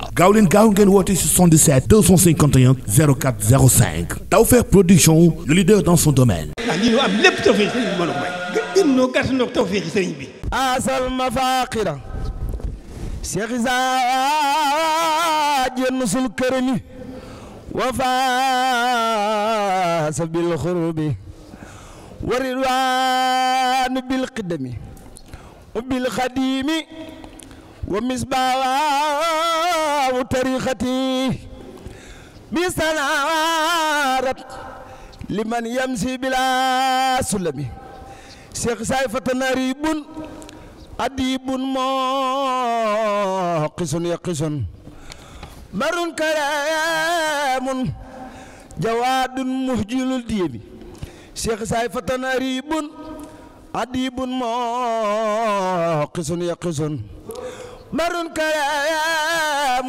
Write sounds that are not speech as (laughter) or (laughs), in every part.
waaw gaaw leen gaaw ngeen woote Production le dans son domaine. Ah, am lépp tawfeex sëriñ bi a may. gën noo asal ma faaqira. Cheikh Isaa wa faasa bil xurubi. wa ridwaan bil qidami. bil xadiimi. wa misbaawu tariixati bi sanaarat liman yamsi bilaa sulami seex saay fatanari bun adibun moo qisun yaqisun barun karaamun jawaadun muhjilul diyami seex saay fatanari bun adibun moo qisun yaqisun أكبر كلام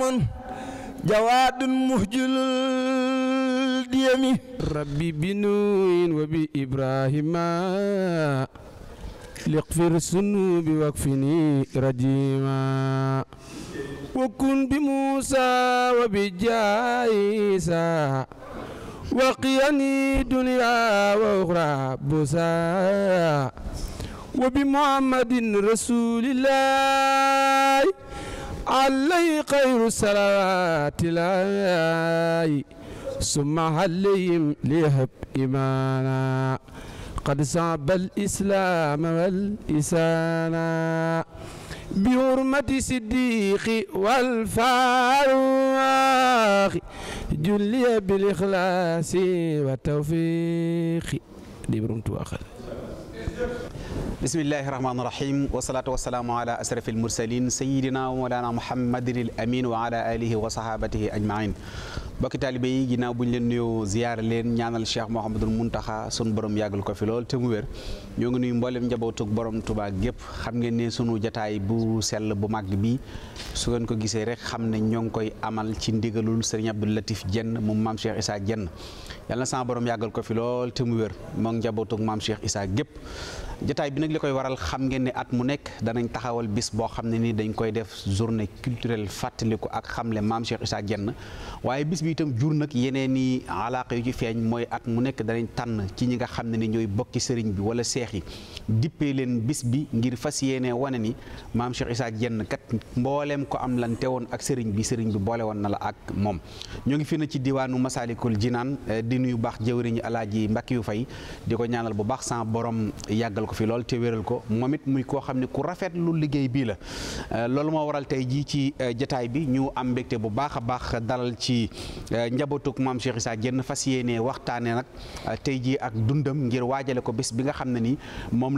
جواد مهجل الديم ربي بنوين وبإبراهيم لقفر السنوب واكفني رجيما وكن بموسى وبجايسا وقيني دنيا وأخرى بوسا wa bi muhammadin rasulillah alay xayru salawaati laay summa alayhim liyahab imaana qad saabal islaam wal isaana bi hurmati siddiqi wal faaruqi julliya bil ixlaasi wa tawfiiqi bismillahi rahmaani rahim wasalaatu wasalaamu ala asrafi almursalin sayidina wa mawlana muhammadin al amin wa ala alihi wa sahabatihi ajmain bokki taalibe yi ginnaaw bu ñu leen nuyoo ziyaar leen ñaanal cheikh mouhamadul muntaxa sun borom yàggal ko fi lool te mu wér ñoo ngi nuyu mboolem njabootug borom tubaa gépp xam ngeen ne sunu jataay bu sell bu màgg bi su ngeen ko gisee rek xam ne ñoo ngi koy amal ci ndigalul sëriñ abdou latif jenn moom maam cheikh isaa jenn yàlla na sama borom yàggal ko fi lool te mu wér moom njabootug maam cheikh isaa jotaay bi nag li koy waral xam ngeen ne at mu nekk danañ taxawal bis boo xam ne nii dañ koy def journée culturelle fàttaliku ak xamle maam Cheikh Issa jenn waaye bis bi itam jur nag yeneen yi alaaka yu ci feeñ mooy at mu nekk danañ tànn ci ñi nga xam ne ni ñooy bokki sëriñ bi wala seex yi dippee leen bis bi ngir fas yéene wane ni maam Cheikh Issa Diène kat mbooleem ko am lan woon ak sëriñ bi sëriñ bi boole woon na la ak moom ñoo ngi fii na ci diwaanu Masaalikul Jinaan eh, di nuyu baax jëwriñu alaaji Mbàkke yu fay di ko ñaanal bu baax sans borom yàggal ko fi lool te wéral ko moom it muy koo xam ne ku rafet lu liggéey bii la eh, loolu moo waral tey jii ci eh, jataay bi ñu am mbégte bu baax a baax dalal ci njabootug maam Cheikh Issa jenn fas yéene waxtaane nag tey jii ak dundam ngir waajale ko bés bi nga xam ne ni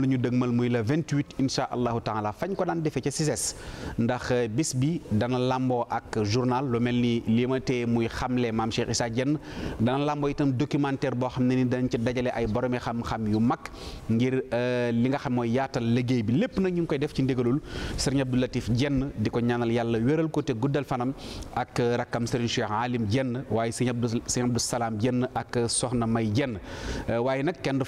moom la ñu dëgmal muy le 28 incha allahu taala fañ ko daan defee ca CICES ndax euh, bis bi dana lamboo ak journal lu mel ni li ma tee muy xamle maam Cheikh Issa Dieng dana lamboo itam documentaire boo xam ne ni dañ ci dajale ay boromi xam-xam yu mag ngir euh, li nga xam mooy yaatal liggéey bi lépp nag ñu ngi koy def ci ndigalul Serigne Abdou Latif jenn di ko ñanal yàlla wéral ko te guddal fanam ak euh, rakkam Serigne Cheikh Alim jenn waaye Serigne Abdou Serigne Abdou Salam ak Soxna May Dieng waaye nag kenn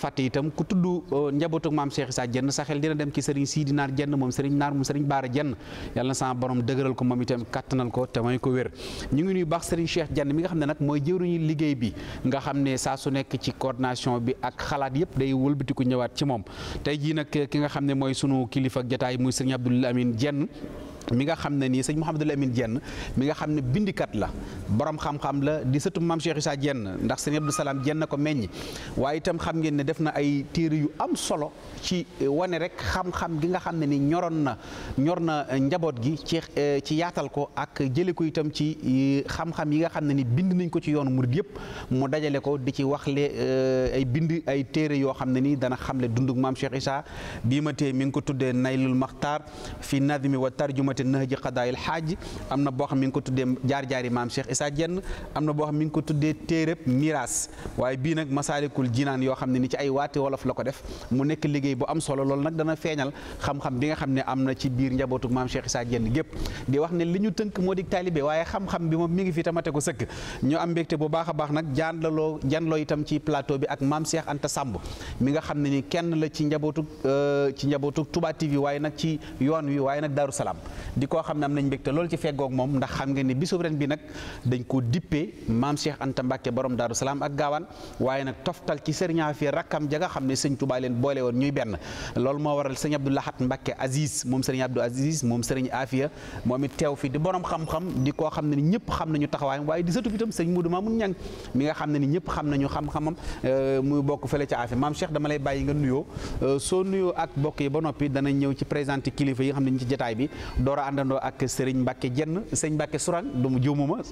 Cheikh sa xel dina dem ci Serigne Sidi Naar Diène moom Serigne Naar moom Serigne Baara Diène yàlla na sama borom dëgëral ko moom itam kattanal ko te may ko wér ñu ngi nuyu baax Serigne Cheikh Diène mi nga xam ne nag mooy jëwriñu liggéey bi nga xam ne saa su nekk ci coordination bi ak xalaat yëpp day wëlbatiku ñëwaat ci moom tey jii nag ki nga xam ne mooy sunu kilifa jataay muy Serigne Abdoul Amine Diène mi nga xam ne nii sëñ Mouhamadou Lamine Diène mi nga xam ne bindikat la boroom xam-xam la di sëtu maam Cheikh Issa jenn ndax sëñ Abdou Salaam jenn ko meññ waaye itam xam ngeen ne def na ay téere yu am solo ci wane rek xam gi nga xam ne ni ñoroon na ñor na njaboot gi ci ci yaatal ko ak jële ko itam ci e, xam-xam yi nga xam ne ni bind nañ ko ci yoonu murid yëpp mu dajale ko di ci wax le e, ay bind ay téere yoo xam ne nii dana xamle dundug maam Cheikh Issa bii ma tee mi ngi ko tuddee Naylul Maxtaar fi nadmi wa tarjuma muqaddimati nahji qadaayil xaaj am na boo xam mi ko tuddee jaar-jaari maam Cheikh Issa Dieng am na boo xam mi ko tuddee téereb miraas waaye bii nag masaalikul jinaan yoo xam ne ni ci ay waati wolof la ko def mu nekk liggéey bu am solo loolu nag dana feeñal xam-xam bi nga xam ne am na ci biir njabootu maam Cheikh Issa Dieng gépp di wax ne li ñu tënk moo di taalibe waaye xam-xam bi moom mi ngi fi tamate ko sëkk ñu am mbégte bu baax a baax nag jaan la jan loo itam ci plateau bi ak maam Cheikh Anta Samb mi nga xam ne ni kenn la ci njabootu euh, ci njabootu Touba TV waaye nag ci yoon wi waaye nag Daaru Salaam di koo xam ne am nañ mbégte loolu ci feggoog moom ndax xam ngeen ni bisub ren bi nag dañ ko dippee maam Cheikh Anta Mbacke borom Daaru Salaam ak gaawaan waaye nag toftal ci sëriñ Afia rakkam ja nga xam ne sëñ Touba leen boole woon ñuy benn loolu moo waral sëñ Abdou Lahat Mbacke Aziz moom sëriñ Abdou Aziz moom sëriñ Afia moom it teew fi di borom xam-xam di koo xam ne ni ñëpp xam nañu taxawaayam waaye di satub itam sëñ Moudou Mamoun Niang mi nga xam ne ni ñëpp xam nañu xam-xamam euh, muy bokk fële ca Afia maam dama lay bàyyi nga nuyoo euh, soo nuyoo ak bokk yi ba noppi danañ ñëw ci présenté kilifa yi xam ne ci jotaay bi door a àndandoo ak Serigne Mbacke jenn sëñ Mbacke Sourang du mu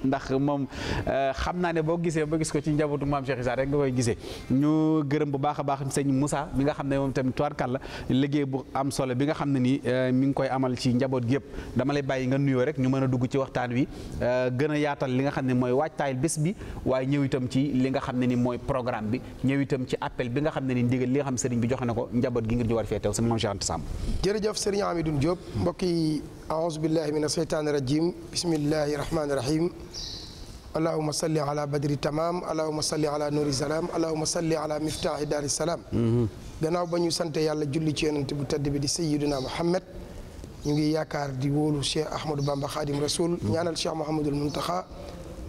ndax moom euh, xam naa ne boo gisee ba gis ko ci njabootu maam Cheikh Issa rek nga koy gisee ñu gërëm baax a baax sëñ Moussa mi nga xam ne moom tamit tubaarkàlla liggéey bu am solo bi nga xam ne nii euh, mi ngi koy amal ci njaboot yëpp dama lay bàyyi nga nuyoo rek ñu mën a dugg ci waxtaan wi euh, gën a yaatal li nga xam ne mooy waajtaayal bés bi waaye ñëw itam ci li nga xam ne ni mooy programme bi ñëw itam ci appel bi nga xam ne ni ndigal li nga xam sëriñ bi joxe na ko njaboot gi ngir ñu war fee teew sëñ Maam Cheikh aousubillahi min asheytaani irajim bismillahi rahmaani rahim allahuma salli ala badri tamam allahuma salli ala nuuri salaam allahuma salli ala miftaahi daari salaam mm-hmm. gannaaw ba ñu sante yàlla julli ci yonent bu tedd bi di sayiduna muhammad ñu ngi yaakaar di wóolu cheikh ahmadou bamba xaadim rasoul mm-hmm. ñaanal cheikh mouhamadul muntaxa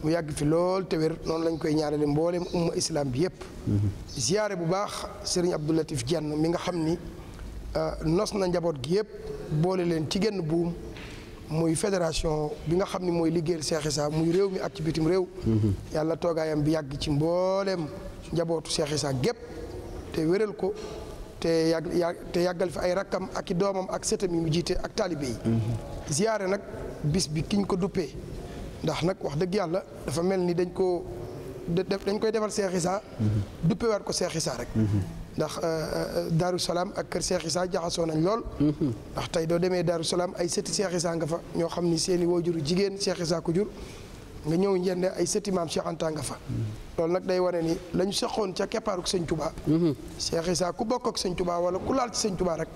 mu yàgg fi lool te noonu lañ koy ñaanale mbooleem umma islam bi yëpp mm-hmm. ziyaare bu baax sëriñ Abdou Latif Diène mi nga xam ni euh, nos na njaboot gi yëpp boole leen ci genn buum muy fédération bi nga xam ne mooy liggéeyal Cheikh Issa muy réew mi ak ci bitim réew. Mm-hmm. yàlla toogaayam bi yàgg ci mbooleem njabootu Cheikh Issa gépp te wéral ko te yàggal fi ay rakkam ak i doomam ak sëtam yi mu jiite ak taalibe yi. Mm-hmm. ziyaare nag bis bi kiñ ko duppee ndax nag wax dëgg yàlla dafa mel ni dañ ko dañ koy defal Cheikh Issa mm-hmm. duppewaat ko Cheikh Issa rek. ndax euh, euh, Darou Salaam ak kër Cheikh Issa jaxasoo nañ lool. Mm-hmm. ndax tey doo demee Darou Salaam ay sëti Cheikh Issa nga fa ñoo xam ni seen i waajur jigéen Cheikh Issa jur. nga ñëw njënd ay sëti maam Cheikh Anta nga fa. Mm-hmm. loolu nag day wane ni la ñu ca keppaaruk sëñ Touba. Mm-hmm. Cheikh Issa ku bokk ak sëñ Touba wala ku laal ci sëñ Touba rek.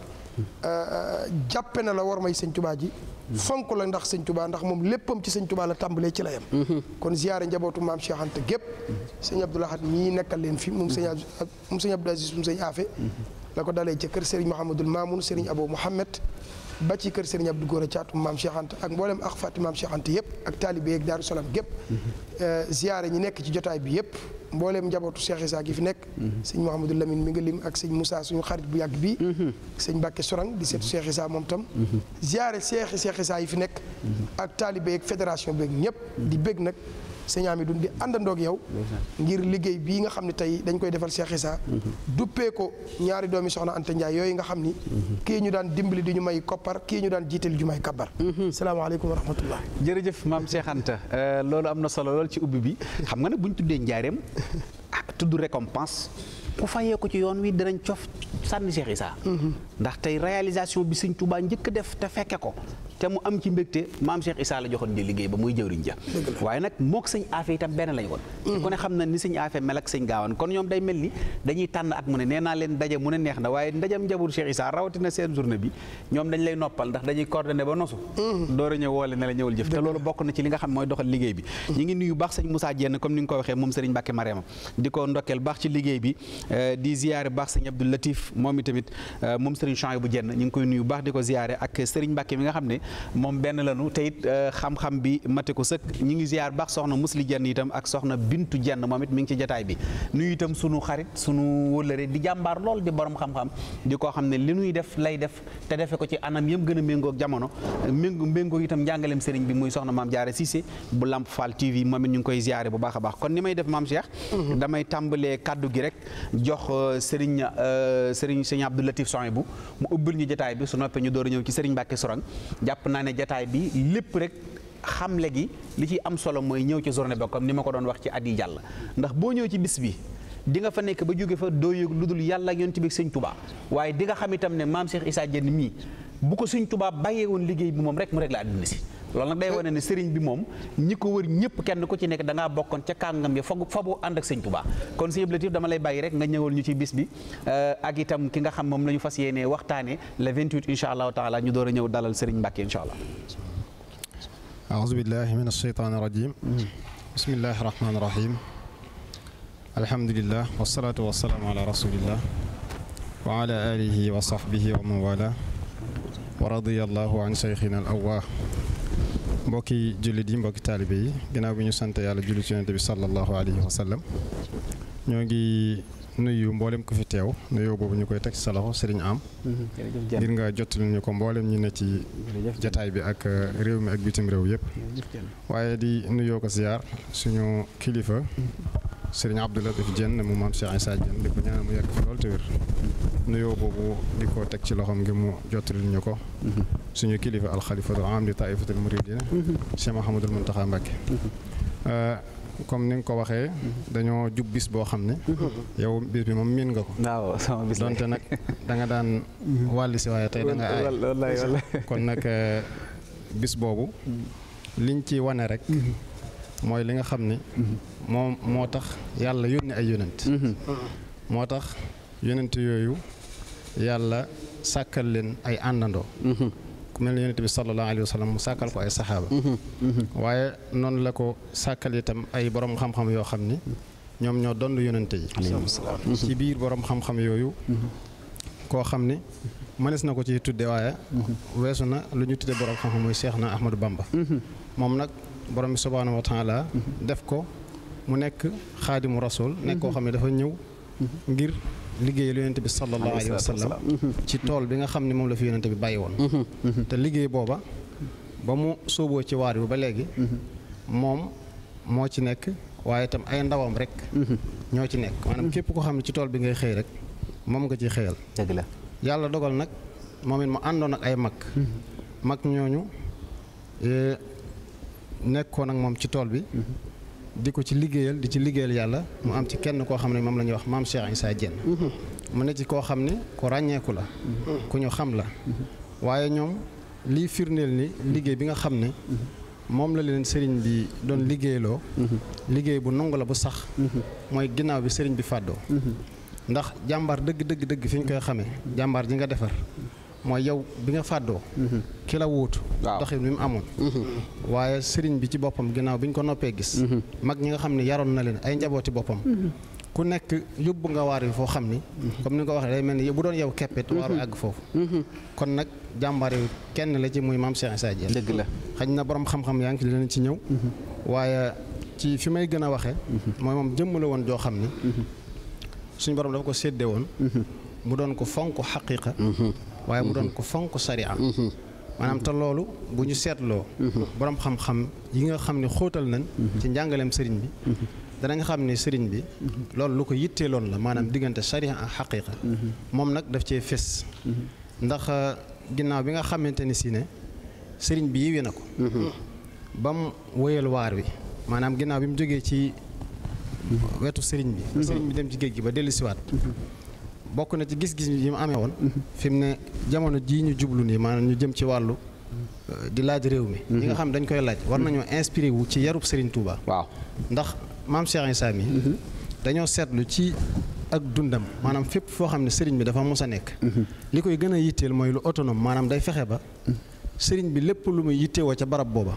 Euh, jàppe na la war may sëñ Touba ji. fonk la ndax sëñ tubaa ndax moom lépp léppam ci sëñ tubaa la tàmbalee ci la yam mhm. kon ziyaare njabootu maam Cheikh Anta gépp sëñ Abdoul Ahad mii nekkal leen fi moom sëñ moom sëñ Abdoul Aziz sëñ Afe la ko dalee ca kër Serigne Mouhamadul Mamoun Serigne Abou Mouhamed ba ci kër Serigne Abdou Gora Thiatou maam Cheikh Anta ak mboolem ak fàtti maam Cheikh Anta yëpp ak taalibe yeeg Daaru Salaam gépp euh, ziyaare ñu nekk ci jotaay bi yëpp mbooleem njabootu Cheikh Issa gi fi nekk sëñ Mouhamadou Lamine mi nga lim ak sëñ Moussa suñu xarit bu yàgg bi sëñ Mbacke Sorang di seetu Cheikh Issa moom tam ziyaare Cheikh Cheikh Issa yi fi nekk ak taalibe yeeg fédération beeg ñëpp di bég nag sëñ Amidou di àndandoog yow ngir liggéey bii nga xam ne tey dañ koy defal Cheikh Issa duppee ko ñaari doomi soxna Anta Ndiaye yooyu nga xam ni kii ñu daan dimbali di ñu may koppar kii ñu daan jiital ju may kabar salaamaaleykum wa rahmatullah jërëjëf maam Cheikh euh, loolu am na solo lool ci ubbi bi xam nga bu ñu tuddee njaareem ah tudd récompense ku fayeeku ci yoon wii dinañ cof sànni Cheikh Issa mhm. ndax tey réalisation bi Sëñ Tuubaa njëkk def te fekke ko te mu am ci mbégte maam Cheikh Issa la joxoon di liggéey ba muy jëwriñ ja waaye nag mook mhm. na ni sëñ Afe mel ak sëñ Gaawaan kon ñoom day mel ni mu naa leen daje mu ne neex na waaye ndajam njabur Cheikh Issa rawatina seen journée bi ñoom dañ lay noppal ndax dañuy coordonné ba nosu mhm. door a ñëw woole ne ñëwal jëf te loolu bokk na ci li nga xam mooy doxal liggéey bi ñu ngi nuyu baax sëñ Moussa Diène comme ni nga ko waxee moom sëriñ Mbàkke Marema Euh, di ziyaare baax sëñ Abdou Latif moom itamit euh, moom Serigne Chang bu jenn ñu ngi koy nuyu baax di ko ziyaare ak Serigne Mbacke mi nga xam ne moom benn lanu te it euh, xam-xam bi mate ko sëkk ñu ngi ziyaar baax soxna Musli jenn itam ak soxna Bintu jenn moom it mi ngi ci jataay bi nuyu itam sunu xarit sunu wëllëre di jàmbaar lool di borom xam-xam di koo xam ne li nuy def lay def te defe ko ci anam yëm gën a méngoog jamono méngo méngoog itam njàngaleem Serigne bi muy soxna maam Jaara Cissé bu Lamp Fall TV moom it ñu ngi koy ziyaare bu baax a baax kon ni may def maam Cheikh mhm. damay tàmbalee kaddu gi rek jox euh, Serigne euh, Serigne Serigne Abdou Latif Soin bu mu ubbil ñu jataay bi su noppee ñu door a ñëw ci Serigne Mbacke Sourang jàpp naa ne jataay bi lépp rek xamle gi li ci am solo mooy ñëw ci journée ba comme ni ma ko doon wax ci at yi jàll ndax boo ñëw ci bis bi. dinga fa nekk ba jóge fa doo yëg lu dul yàlla ak yonent bi ak sëñ Tuubaa waaye di nga xam itam ne maam Cheikh Issa Diène mii bu ko Sëñ Tuubaa bàyyee woon liggéey bi moom rek mu rek la àdduna si loolu nag day wane ne sëriñ bi moom ñi ko wër ñëpp kenn ku ci nekk da bokkoon ca kàngam ya foog faboo ànd ak sëñ Tuubaa kon sëñ Abdou Latif dama lay bàyyi rek nga ñëwal ñu ci bis bi euh, ak itam ki nga xam moom la ñu fas yéenee waxtaane le 28 incha allahu taala ñu door a ñëw dalal sëriñ Mbàkke incha allah aouzu billahi min asheytaani rajim bismillahi rahmaani rahim alhamdulilah wasalaatu wasalaamu ala rasulillah wa ala alihi wa sahbihi wa man wala wa radiyallahu an sayxina al awwaa mbokki jullit yi mbokki taalibe yi ginnaaw bi ñu sante yàlla julli ci yonent bi sallallahu alayhi wa sallam ñoo ngi nuyu mboolem ku fi teew nuyoo boobu ñu koy teg sa loxo sëriñ am mm-hmm. ngir nga jottali ñu ko mboolem ñu ne ci jataay bi ak uh, réew mi ak bitim réew yëpp waaye di nuyoo ko ziyaar suñu kilifa mm-hmm. sëriñ Abdoulaye Diouf Dieng mu maam Cheikh Issa Dieng di ko ñaanal mu yàgg fi lool te wér nuyoo boobu di ko teg ci loxoom ngir mu jottali ko mm-hmm. suñu kilifa alxalifatul am di taifatul muridina mm-hmm. Cheikh Mahamadul Muntaxa Mbàkke mm-hmm. euh, comme ni nga ko waxee dañoo jub bis boo xam ne yow bis bi moom miin nga ko waaw sama donte nag da nga daan wàlli si waaye tey da aay kon nag euh, bis boobu liñ ci wane rek mooy li nga xam ne moom moo tax yàlla yónni ay yonent moo tax yonent yooyu yàlla sàkkal leen ay àndandoo ku mel ne yonent bi sallallahu alayhi wa mu sàkkal ko ay saxaaba waaye noonu la ko sàkkal tam ay boroom xam-xam yoo xam ni ñoom ñoo dond yonent yi ci biir borom xam-xam yooyu koo xam ni mënees na ko ci tudde waaye weesu na lu ñu tudde borom xam-xam muy Seex na Ahmadu Bamba moom nag borom bi subhaanahu wa taala mhm. def ko mu nekk xaadimu rasul nekk koo mhm. xam ne dafa ñëw mhm. ngir liggéeyal yonente bi sallallahu alayhi wa sallam ci tool bi nga xam ne moom la fi yonente bi bàyyi woon te liggéey booba ba mu sóoboo ci waar bi ba léegi moom moo ci nekk waaye itam ay ndawam rek ñoo ci nekk maanaam képp koo xam ne ci tool bi ngay xëy rek moom nga ciy xëyal dëgg la yàlla dogal nag moom mu àndoon ak ay mag mag ñooñu eh, nekkoon ak moom ci tool bi. di ko ci liggéeyal di ci liggéeyal yàlla. mu am ci kenn koo xam ne moom la ñuy wax maam Cheikh Issa Diène. mu ne ci koo xam ne ku ràññeeku la. ku ñu xam la. waaye ñoom liy firndeel ni liggéey bi nga xam ne. moom la leen sëriñ bi doon liggéeyaloo liggéey bu nangu la bu sax. mooy ginnaaw bi sëriñ bi fàddoo. ndax jàmbaar dëgg dëgg dëgg fi ñu koy xamee. jàmbaar ji nga defar. mooy yow bi nga fàddoo mhm. ki la wuutu doxin mi mu amoon mhm. waaye sëriñ bi ci boppam ginnaaw bi ñu ko noppee gis mhm. mag ñi nga xam ne yaroon na leen ay njabooti boppam ku nekk yóbbu nga waar yi foo xam ni comme ni nga waxee day mel ni bu doon yow keppit waaru àgg foofu kon nag jàmbaar kenn la ci muy maam Cheikh Issa Diène dëgg la xañ na boroom xam-xam yaa ngi dinañ ci ñëw waaye ci fi may gën a waxee mooy moom jëmm la woon joo xam ni suñu borom dafa ko séddee woon mu doon ko fonk xaqiiqa waaye mu mhm. doon ko fonk sariya mhm. maanaam te loolu bu ñu seetloo mhm. boroom xam-xam yi nga xam ne xóotal nañ ci njàngaleem sëriñ bi danañ xam ne sëriñ bi loolu lu ko yitteeloon la maanaam diggante sariya ak xaqiiqa moom nag daf cee fés ndax euh, ginnaaw bi nga xamante ni si ne sëriñ bi yiwee na ko ba mu wëyal waar wi maanaam ginnaaw bi mu jógee ci wetu sëriñ bi sëriñ bi dem ci géej gi ba siwaat bokk na ci gis-gis yi mu amee woon fi mu ne jamono jii ñu jublu nii maanaam ñu jëm ci wàllu euh, di laaj réew mi li nga xam dañ koy laaj war nañoo inspiré wu ci yarub Serigne Touba waaw ndax maam Cheikh Issa mhm. seetlu ci ak dundam maanaam fépp foo xam ne sëriñ bi dafa mos a nekk mhm. li koy gën a yitteel mooy lu autonome maanaam day fexe ba mhm. sëriñ bi lépp lu muy yittewoo ca barab booba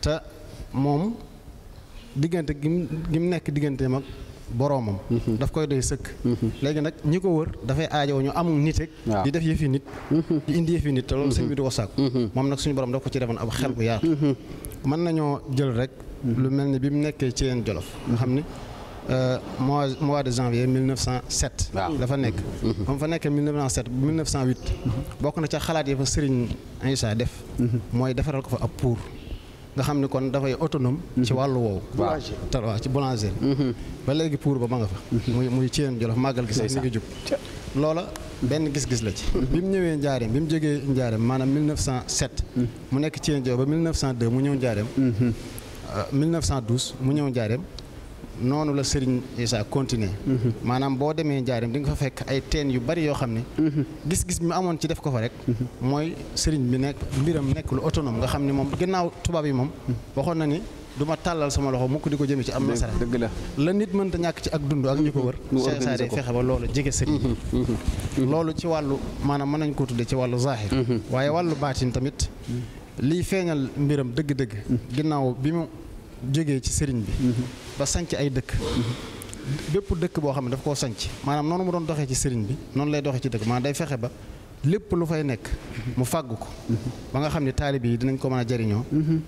te moom diggante gi mu nekk diggante mag boroomam mhm. daf koy doy sëkk mhm. léegi nag ñi ko wër dafay aajoo ñu amul nit ak di def yëfi nit mhm. di indi yëfi nit te loolu sëñ bi du ko sàkku moom nag suñu borom daf ko ci defoon ab xel bu yaatu mën nañoo jël rek lu mel ni bi mu nekkee ci leen jolof nga xam ni euh, mois mois de janvier 1907. waaw dafa nekk. ba mu fa nekkee 1907 1908. bokk na ca xalaat yi fa Serigne saa def. mooy defaral ko fa ab pour. nga xam ne kon dafay autonome ci mhm. wàllu woowu waaw ci boulanger mhm. ba léegi pour ba ma nga fa mhm. muy muy ceen jolof màggal gi sax mi ngi jub loola benn gis-gis la ci bi mu ñëwee njaareem bi mu jógee njaareem maanaam 1907 mu nekk ceen jolof ba 1902 mu ñëw njaareem 1912 euh, mu ñëw njaareem noonu la Serigne Issa continuer mhm. maanaam boo demee njaarim di nga fa fekk ay teen yu bari yoo xam ne mhm. gis-gis bi mu amoon ci def ko fa rek mhm. mooy Serigne bi nekk mbiram nekk lu otonom nga xam ne moom gannaaw tubaab yi moom waxoon na ni du ma tàllal sama loxo mukk di ko jëme ci am nasara dëgg la la nit mënta ñàkk ci ak dund ak ñu ko wër Cheikh Issa day fexe ba loolu jege sëriñ loolu ci wàllu maanaam mën nañ koo tuddee ci wàllu zahir waaye wàllu baatin tamit liy feeñal mbiram dëgg-dëgg jóge ci sëriñ bi mhm. ba sanc ay dëkk mhm. bépp dëkk boo xam ne daf koo sanc maanaam noonu ma doon doxee ci sëriñ bi noonu lay doxee ci dëkk maanaam day fexe ba lépp lu fay nekk mu fàgg ko mhm. ba nga xam ne taalib yi dinañ ko mën a jariñoo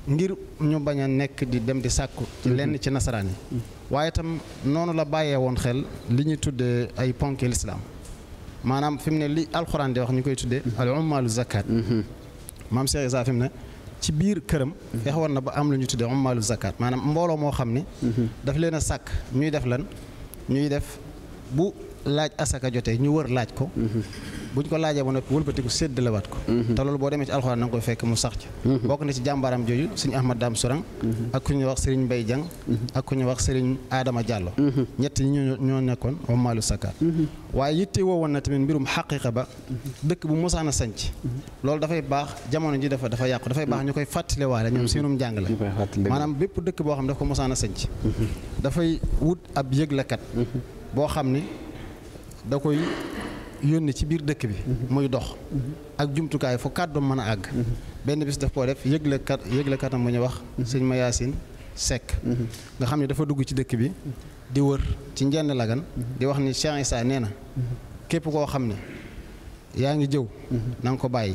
ngir ñu bañ a nekk di dem di sàkku ci lenn ci nasaraan yi waaye itam noonu la bàyyee woon xel li ñuy tuddee ay ponk lislaam maanaam fi mu ne li alxuraan di wax ñu koy tuddee al ummalu zakat maam Cheikh Isa fi ne ci biir këram fexewoon na ba am lu ñu tuddee ummaalu zakat maanaam mbooloo moo xam ne mhm. dafa leen a sàkk ñuy def lan ñuy def bu laaj asaka jotee ñu wër laaj ko bu mhm. buñ ko laajee ba noppi wëlbatiku séddalewaat ko mhm. te loolu boo demee ci alxuraan na nga koy fekk mu sax ci mhm. bokk na ci jàmbaaram jooju suñu ahmad daam surang ak ku ñuy wax sëriñ mbay jang ak ñuy wax sëriñ aadama jàllo ñett ñi ñoo nekkoon wamaalu sakaat waaye yitte woowoon na tamit mbirum xaqiqa ba dëkk bu mosaan a sanc loolu dafay baax jamono ji dafa dafa yàqu dafay baax ñu koy fàttaliwaale ñoom seenum njàng la maanaam bépp dëkk boo xam ne daf ko mosaan a sanc dafay wut ab yëglakat boo xam ne da koy yónni ci biir dëkk bi muy dox ak jumtukaay fu kàddu mën a àgg benn bis daf koo def yëgle kat yëgle katam ñu wax sëñ ma yaasin sekk nga xam ne dafa dugg ci dëkk bi di wër ci njenn lagan di wax ni Cheikh Issa nee na képp koo xam ne yaa ngi jëw na ko bàyyi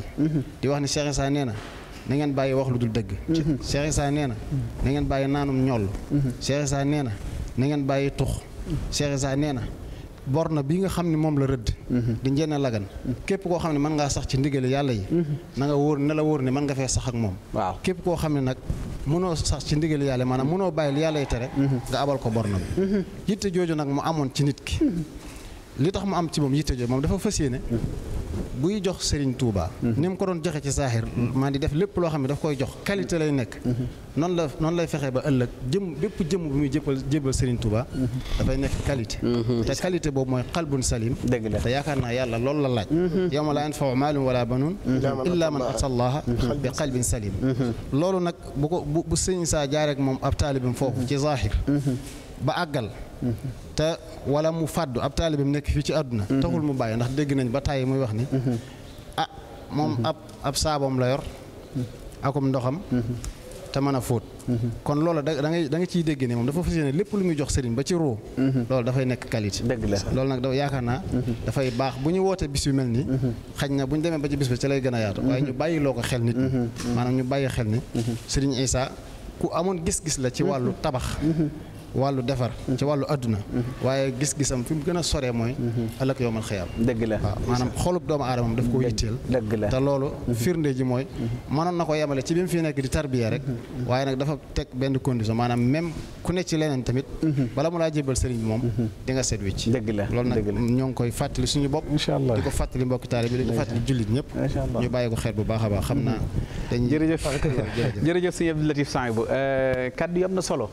di wax ni Cheikh Issa nee na na ngeen bàyyi wax lu dul dëgg Cheikh nee na na ngeen bàyyi naanum ñoll Cheikh nee na na ngeen bàyyi tux Cheikh Issa nee na na bi nga xam ne moom la rëdd mhm. di njënn lagan mhm. képp koo xam ne mën ngaa sax ci ndigale yàlla yi mhm. na nga wóor na la wóor ne mën nga fee sax ak moom waaw képp koo xam ne nag mënoo sax ci ndigal yàlla maanaam mënoo bàyyil yàlla yi tere nga abal ko borne bi yitte jooju nag mu amoon ci nit ki li tax mu am ci moom yitte jooju moom dafa fas yéene buy jox Serigne Touba. Mhm. ni mu ko doon joxe ci saaxir maa di def lépp loo xam ne daf koy jox qualité lay nekk. Mhm. noonu la noonu lay fexe ba ëllëg jëm bépp jëm bu muy jébal jébal Serigne Touba. Mhm. dafay nekk qualité. te qualité boobu mooy xalbun salim. dëgg la te yaakaar naa yàlla loolu la laaj. yawma laa yanfau maalun wala banuun. illaa man ataa Allaaha bi qalbin salim. loolu nag bu ko sa Serigne saa jaar moom ab taalibam foofu ci saaxir ba àggal te wala mu fàddu ab taalibeem nekk fii ci àdduna mhm. taxul mu bàyyi ndax dégg nañ ba tàyyi muy wax ni mhm. ah moom mhm. ab ab saaboom la yor akum ndoxam te mën a fóot kon loolu da ngay da ciy dégg ne moom dafa fas lépp lu muy jox sëriñ ba ci roo loolu dafay nekk qualité dëgg la loolu nag da yaakaar naa dafay baax bu ñu wootee bis yu mel ni xaj na bu ñu demee ba ci bis ba ci lay gën a yaatu waaye ñu bàyyi loo ko xel nit maanaam ñu bàyyi xel ni sëriñ Issa ku amoon gis-gis la ci wàllu tabax wàllu defar mhm. ci wàllu àdduna mhm. waaye gis-gisam fi mu gën a soree mooy mhm. ëllëg yowmal xiyaam dëgg la waaw maanaam xolub doomu aadamam daf koo yitteel dëgg la te loolu firnde ji mooy mënoon na ko yemale ci bi mu fi nekk di tarbiya rek waaye nag dafa teg benn condition maanaam même ku ne ci leneen tamit bala mu laa jébal sëriñ bi moom di nga seet wicc dëgg la loolu nag ñoo ngi koy fàttali suñu bopp di ko fàttali mbokki taali bi di ko fàttali jullit ñëpp ñu bàyyi ko xeet bu baax a baax xam naa dañ (laughs) jërëjëf jërëjëf sëñ Abdou Latif Sang bu euh, kaddu yi am na solo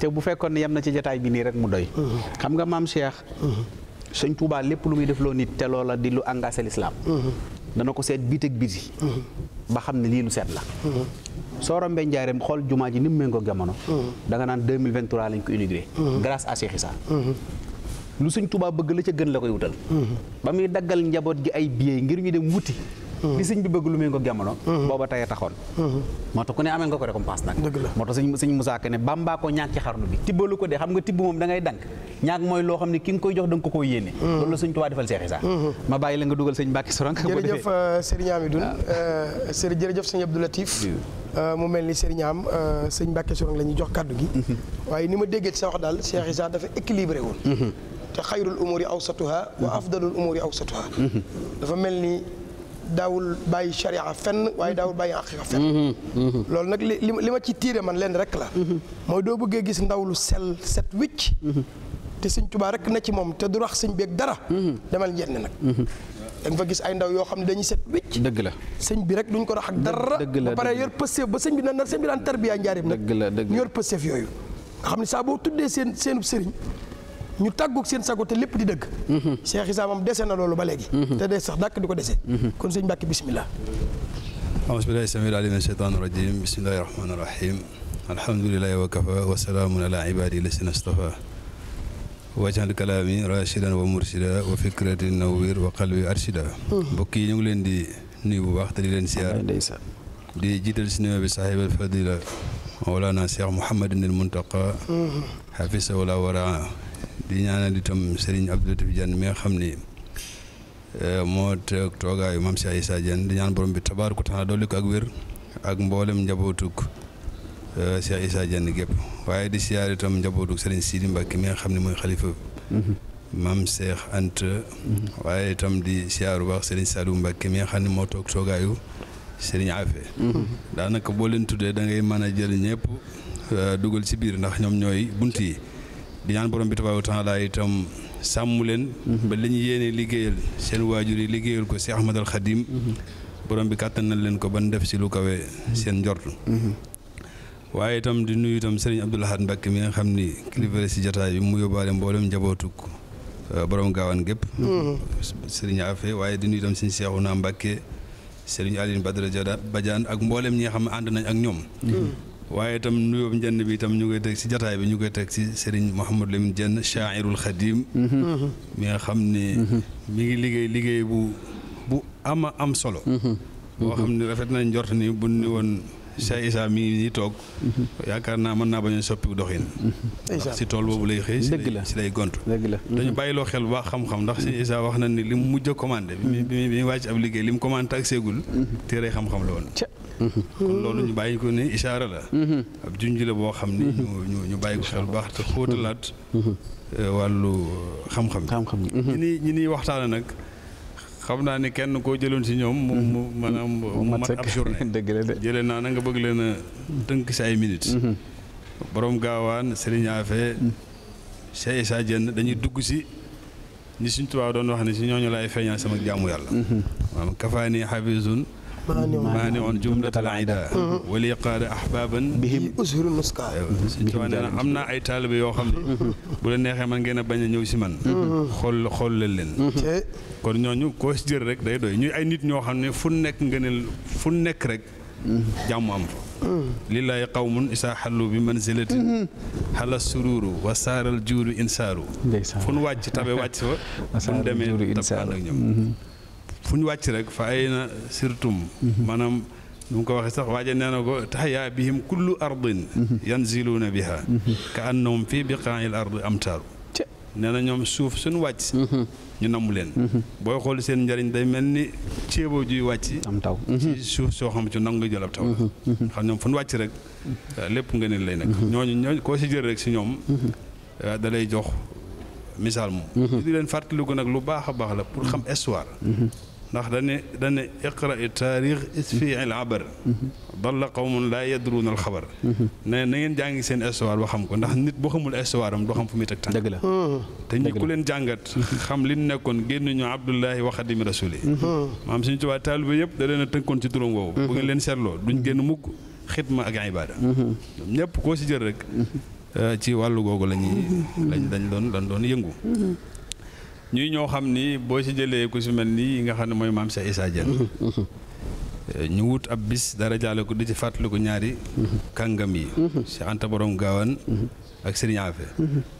te bu fekkoon ne yem na ci jataay bi nii rek mu doy mm-hmm. xam nga maam Cheikh mm-hmm. sëñ Touba lépp lu muy def loo nit te loola di lu engagé l'islam mm-hmm. dana ko seet biit ak biti ba xam ne lii lu seet la soo rombee njaareem xool jumaa ji ni mu méngoo jamono da nga naan 2023 lañ ko inauguré grâce à Cheikh Issa lu sëñ Touba bëgg la ca gën la koy wutal ba muy daggal njaboot gi ay billets ngir ñu dem wuti Mmh. li sëñ bi bëgg lu méngoo jamono mmh. booba tey taxoon mmh. moo tax ku ne amee nga ko récompense nag moo tax sëñ sëñ Moussa Ka ne ko ñaag ci xarnu bi tibbalu ko de xam nga tibb moom da ngay dank ñaag mooy loo xam ne ki nga koy jox da nga ko koy yéene loolu la sëñ Tuubaa defal Seex Isaa la nga dugal sëñ Mbàkke Sorank jërëjëf (laughs) euh, Serigne Amidoun ah. euh, Serigne jërëjëf sëñ Abdou Latif euh, mu mel ni Serigne Am la ñuy jox kaddu gi waaye ni ma déggee sa wax daal Seex dafa équilibré woon te xayrul umuri awsatuha wa afdalul umuri awsatuha dafa mel ni daawul bàyyi sharia fenn waaye daawul bàyyi aqiqa fenn mm-hmm. Mm-hmm. loolu nag li li ma ci tiire man leen rek la mm-hmm. mooy doo bëggee gis ndaw lu sel set wicc te sëñ Tuubaa rek na ci moom te du rax sëñ beeg dara demal njeen nag da nga fa gis ay ndaw yoo xam ne dañuy set wicc dëgg la sëñ bi rek duñ ko rax ak dara ba pare yor pësteef ba sëñ bi na na sëñ bi daan tarbiya njaarim nag ñu yor pësteef yooyu xam ne saa boo tuddee seen seenub sëriñ ñu tàggug seen sago te lépp di dëgg mhm. Cheikh Issa moom dese na loolu ba léegi mhm. te dee sax dàkk di ko dese mhm. kon sëñ Mbàkke bismillah amasbilahi samil alim min sheytaan irajim bismillahi rahmaani rahim alhamdulilahi wa kafa wa salaamun ala ibadi lasina stafa wajal kalaami rachidan wa nawir wa qalbi arshida mbokk yi ñu ngi leen di nuyu bu baax te di leen siyaar di jiital si nuyoo bi sahibal fadila mawlaana cheikh mouhamadin al muntaqa xafisa wala waraa di ñaanal itam Serigne Abdou Latif Diène mi nga xam ni eh, moo toog toogaayu maam Cheikh Issa Diène di ñaan borom bi tabaaraka taala dolli ko ak wér ak mboolem njabootug eh, Cheikh Issa Diène gépp waaye di siyaar itam njabootug Serigne Sidi Mbacke mi nga xam ne mooy xalifa mhm. maam Cheikh mhm. itam di siyaaru baax Serigne Saliou Mbacke mi nga xam ne moo toog toogaayu Serigne Afe. Mhm. daanaka boo leen tuddee da ngay mën a jël ñëpp eh, dugal ci biir ndax ñoom ñooy bunt yi. di ñaan borom bi tabaaraka taala itam sàmm leen. Mhm. ba li ñu yéene liggéeyal seen waajur yi liggéeyal ko si Ahmad al Xadim. Mhm. borom bi kàttan na leen ko ban def si lu kawee mhm. seen njort. waaye itam di nuyu itam Serigne Abdou Lahad Mbacké mi nga xam ni kilifa si jotaay bi mu yóbbaale mbooleem njabootuk euh, borom gaawaan gépp Serigne Afe waaye di nuyu itam Serigne Cheikhouna Mbacké Serigne Aline Badara Badiane ak mboolem ñi xam ànd nañ ak ñoom. waaye itam nuyoo njënd bi itam ñu koy teg ci jataay bi ñu koy teg ci Serigne Mouhamadou Lamine Diène Chaairul Xadim mi nga xam ne mi ngi liggéey liggéey bu bu ama am solo mhm. boo xam ne rafet nañ njort ni bu ni woon Cheikh Issa mii nii toog yaakaar naa mën naa bañ a soppi doxin ndax si tool boobu lay xëy si lay gont dañu bàyyiloo xel bu baax xam-xam ndax Cheikh Issa wax na ni li mu mujj a bi bi muy wàcc ab liggéey li mu commandé ak seegul téere xam-xam la woon kon loolu ñu bàyyi ko ne ishaara la ab junj la boo xam ni ñu ñu bàyyi ko xel bu baax te xóotalaat eh, wàllu xam-xam ñi ni ñi niy waxtaana nag xam naa ni kenn koo jëloon si ñoom. mu mu mm-hmm. maanaam mm-hmm. mu mat ab journée (laughs) dëgg la jëlee naa na nga bëgg leen a tënk si ay minutes. Mm-hmm. borom gaawaan Serigne Afe. Cheikh Issa Dieng dañuy dugg si. ni suñ tubaab doon wax ne si ñooñu laay feeñal sama jaamu yàlla. maanaam kafaani xafisun maa ne woon jumlatal ida wali qaada ahbaban bihim ushiru nuska nee na am naa ay taalibe yoo xam ne bu la neexee man ngeen a ñëw si man xool xool leen leen kon ñooñu koo si jër rek day doy ñuy ay nit ñoo xam ne fu nekk ngëneel fu nekk rek jàmm am lillaahi qawmun isaa xallu bi man manzilatin xala sururu wa saaral juuru insaaru fu nu wàcc tabe wàcc fa fu nu demee tab ànd ak ñoom fu ñu wàcc rek fa ay na sirtum mhm. maanaam nu mu ko waxee sax waaja nee na ko taxyaa bihim kullu ardin mhm. yanziluuna biha mhm. ka annahum fii bi biqaa'il ardi amtaaru nee na ñoom suuf suñu wàcc ñu namm leen booy xool seen njariñ day mel ni ceeboo juy wàcc am taw ci suuf soo xam ci nangu nga jël ab taw xam ñoom fu ñu wàcc rek lépp nga ne lay nag ñooñu ñooñu koo si jël rek si ñoom ah, da lay jox misaal moom di leen fàttaliku nag lu baax a baax la pour xam histoire ndax dane dane iqra taarix isfi al abar dalla qawmun laa yadruuna al xabar ne na ngeen jàngi seen histoire ba xam ko ndax nit boo xamul histoire am xam fu muy teg tànk dëgg la ah. te ñi ku leen jàngat xam li nekkoon génn ñu abdullahi wa xadimi rasuli maam suñu tubaa taalibe yëpp da leen a tënkoon ci turam woowu bu ngeen leen seetloo duñ génn mukk xitma ak ibaada ñëpp koo si jël rek ci wàll googu lañuy lañ dañ doon lañ doon yëngu ñuy ñoo xam ni boo ci jëlee ku ci mel ni nga xam ne mooy maam Cheikh Issa Diène ñu wut ab bis dara jaale ko di ci fàttaliku ñaari kàngam yi Cheikh Anta Borom Gaawaan ak Serigne Afe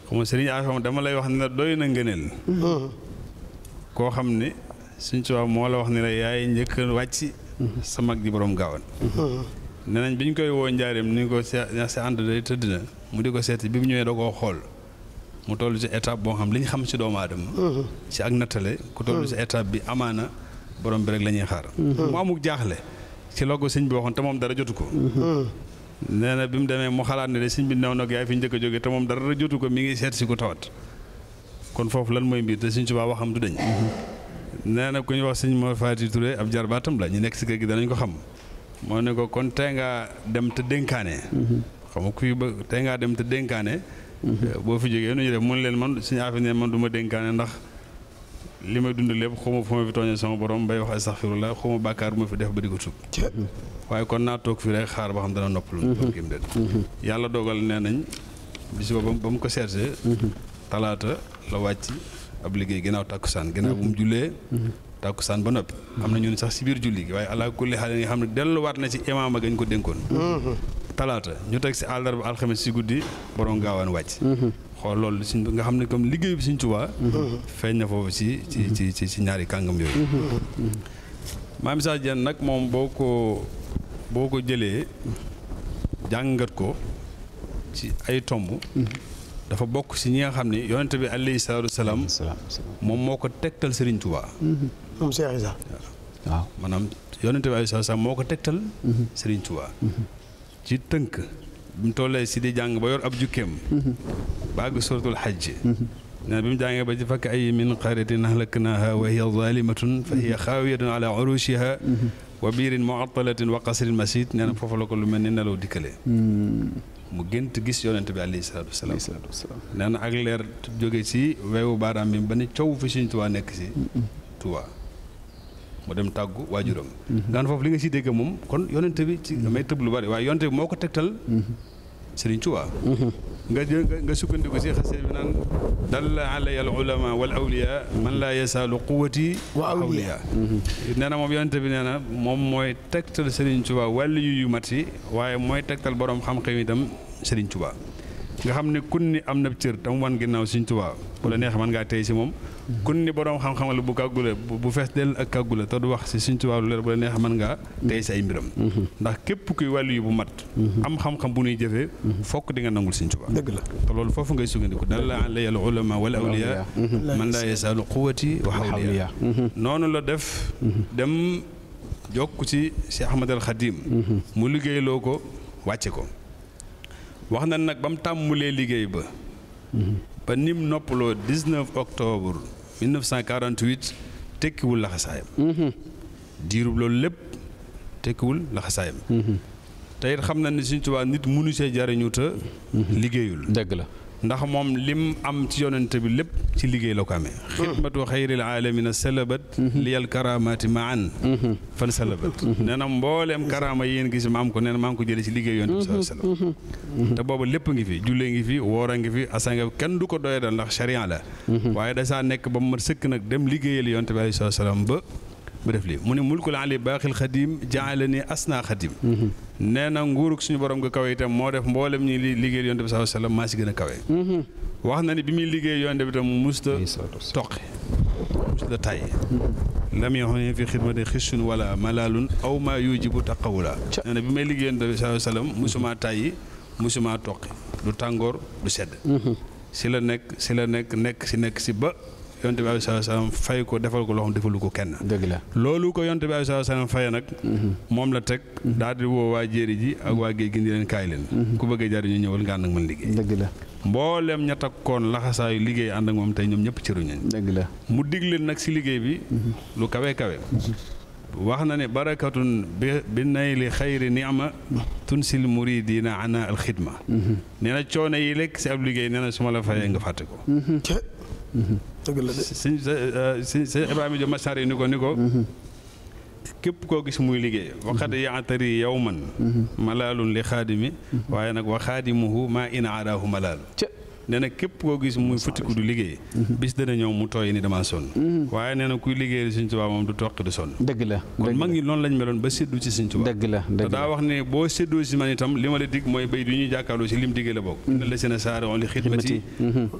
xam nga Serigne Afe dama lay wax ne la doy na ngëneel koo xam ne suñ ci moo la wax ne la yaay njëkk wàcc sa mag ji Borom Gaawaan nee nañ bi ñu koy woo njaareem ni ko Cheikh ànt day tëdd na mu di ko seet bi mu ñëwee da koo xool mu toll ci étape boo xam li ñu xam ci doomu aadama mhm. ci ak nattale ku toll ci mhm. étape bi amaana borom bi rek lañuy ñuy xaar mhm. mu amuk jaaxle ci logo sëñ bi waxoon te moom dara jotu ko nee na bi mu demee mu xalaat ne de sëñ bi new nag yaay fi njëkk a jógee te moom dara jotu ko mi ngi seet si ku tawat kon foofu lan mooy mbir te sëñ Tuubaa waxam du dañ nee na ku ñu wax sëñ Mor Faati Touré ab jarbaatam la ñu nekk si kër gi danañ ko xam moo ne ko kon tey ngaa dem te dénkaane xam kuy ba tey ngaa dem dénkaane Euh, boo fi jógee nu ñu def mun leen man suñu affaire ne man duma ma dénkaane ndax li may dund lépp xaw ma fu ma fi tooñee sama borom bay wax astaxfirullah xaw ma bàkkaar bu ma fi def ba di ko tuub waaye kon naa toog fii rek xaar ba xam dana noppalu gém mhm. dé mhm. yàlla dogal ne nañ bis ba ba mu ko cherché mhm. talaata la wàcc ab liggéey tàkku saan ginnaaw bu mu jullee tàkkusaan ba noppi am na ñun sax si biir julli gi waaye alaa kulli xaal yi nga xam ne delluwaat na ci imaam gañ ko dénkoon talaata ñu teg si àllarba alxames si guddi borom gaawaan wàcc. Mhm. xool loolu si nga xam ne comme liggéey bi Sëñ Tuubaa. Mhm. feeñ na foofu si ci ci ci ñaari kàngam yooyu. Mhm. Maam Issa Diène nag moom boo ko boo ko jëlee jàngat ko ci ay tomb. dafa bokk ci ñi nga xam ne yonent bi alayhi moom moo ko tegtal Serigne Touba. maanaam yonent bi alayhi moo ko tegtal. Serigne ci tënk bi mu tollee si di jàng ba yor ab jukkeem ba àgg suratul xajj bi mu jàngee ba ci fakk ay min na ahlaknaha wa hiya zalimatun fa hiya xaawiyatun ala urushiha wa biirin muattalatin wa qasrin masid nee na foofu la ko lu mel ni nelaw dikkalee mu gént gis yonent bi alayhi salaatu wasalaam nee na ak leer jóge si weewu baaraam bi fi suñ tubaa nekk si tubaa moo dem tàggu waajuram mm-hmm. Mm-hmm. daan foofu li nga si dégg moom kon yonente bi ci mm-hmm. damay tëb lu bari waaye yonente bi moo ko tegtal Sëriñ Tuubaa nga nga sukkandiku si xasee bi naan dalla alaya al ulama wal man laa yasaalu quwati wa awliya nee na bi nee na moom mooy tegtal Sëriñ Tuubaa wàllu yu yu mat yi waaye mooy tegtal boroom xam-xam itam Sëriñ Tuubaa nga xam ne kun ni am na cër tam wan ginnaaw Sëriñ Tuubaa wala neex man ngaa tey si moom kun ni boroom xam-xam la bu kàggule bu fees dell ak kàggule te du wax si Sëriñ Tuubaa lu leer wala neex man ngaa tey si ay mbiram ndax képp kuy wàllu yu bu mat am xam-xam bu nuy jëfee fokk di nga nangul Sëriñ Tuubaa dëgg la te loolu foofu ngay sukkandiku dana la an layal ulama wala awliya man laa yasaalu quwati wa hawliya noonu la def dem jokk ci Cheikh Ahmad al Khadim mu liggéeyloo ko wàcce ko wax na nag ba mu tàmmulee liggéey ba ba nim noppaloo 19 octobre 1948 tekkiwul laxasaayam diirub loolu lépp tekkiwul laxasaayam mm-hmm. te it xam na ne Sëriñ Tuubaa nit mënu see jariñu te mm-hmm. liggéeyul dëgg la ndax moom li mu am ci yonent bi lépp ci liggéey la ko amee mm-hmm. xidmatu xayril alamina salabat mm-hmm. liyal karamati maan mm-hmm. fan salabat nee na mbooleem karama yéen gis ma am ko nee na maa ngi ko jëlee ci liggéey yonent bi sallallahu alayhi wasallam te booba lépp ngi fi jullee ngi fi woor a ngi fi asanga kenn du ko doye dal ndax charia la waaye dasaa nekk ba mu mat sëkk nag dem liggéeyal yonent bi sallallahu alayhi wasallam ba mu def lii mu ne mulkul ali baaxil xadim ni asna xadim nee na nguurug suñu borom nga kawe itam moo def mboolem ñi liggéeyal yonte bi a kawe na ni bi muy liggéey yonte bi tam musta toqi musta tay lam yaxone fi xidmati xisun wala malaalun aw maa yujibu taqawula nee na bi may liggéey yonte bi saa sallam musuma tayyi musuma toqi du tàngoor du sedd mhm. si la nekk si la nekk nekk si nekk si ba yonte bi alayhi salaam fay ko defal ko loo defalu ko kenn. dëgg la loolu ko yonte bi alayhi salaam faye nag. Mhm. moom la teg mhm. daal di woo waa jéeri ji ak mhm. waa géej gi ni leen kaay leen. ku bëggee jariñu ñëwal nga ànd ak man liggéey. la mboolem ña koon laxasaayu liggéey ànd ak moom tey ñoom ñëpp cëruñu. dëgg la mu dig leen nag si liggéey bi. lu kawe kawe. wax na ne barakatun bi bi nay li xayri niama tunsil muridina ana alxidma nee na coono yi lekk si ab liggéey nee na su ma la fayee nga fàtte ko dëgg la de sëñ sëñ euh, sëñ Ibrahima Diop Massar ni ko ni ko. Mhm. képp koo gis muy liggéey mhm. waxat yaatari yow man mhm. malaalun li xaadimi waaye nag wa xaadimuhu maa in aadaahu malaalu nee na képp koo gis muy futtiku du liggéey bis dana ñëw mu tooy ni damaa sonn waaye nee na kuy liggéey Sëñ Tuubaa moom du toqi du sonn dëgg la kon mag ñi noonu lañ meloon ba séddu ci Sëñ Tuubaa dëgg la dëgg la ne boo séddoo si li ma la dig mooy béy du ñuy jàkkaarloo si lim diggee la bokk na la seen a saari on li xidmati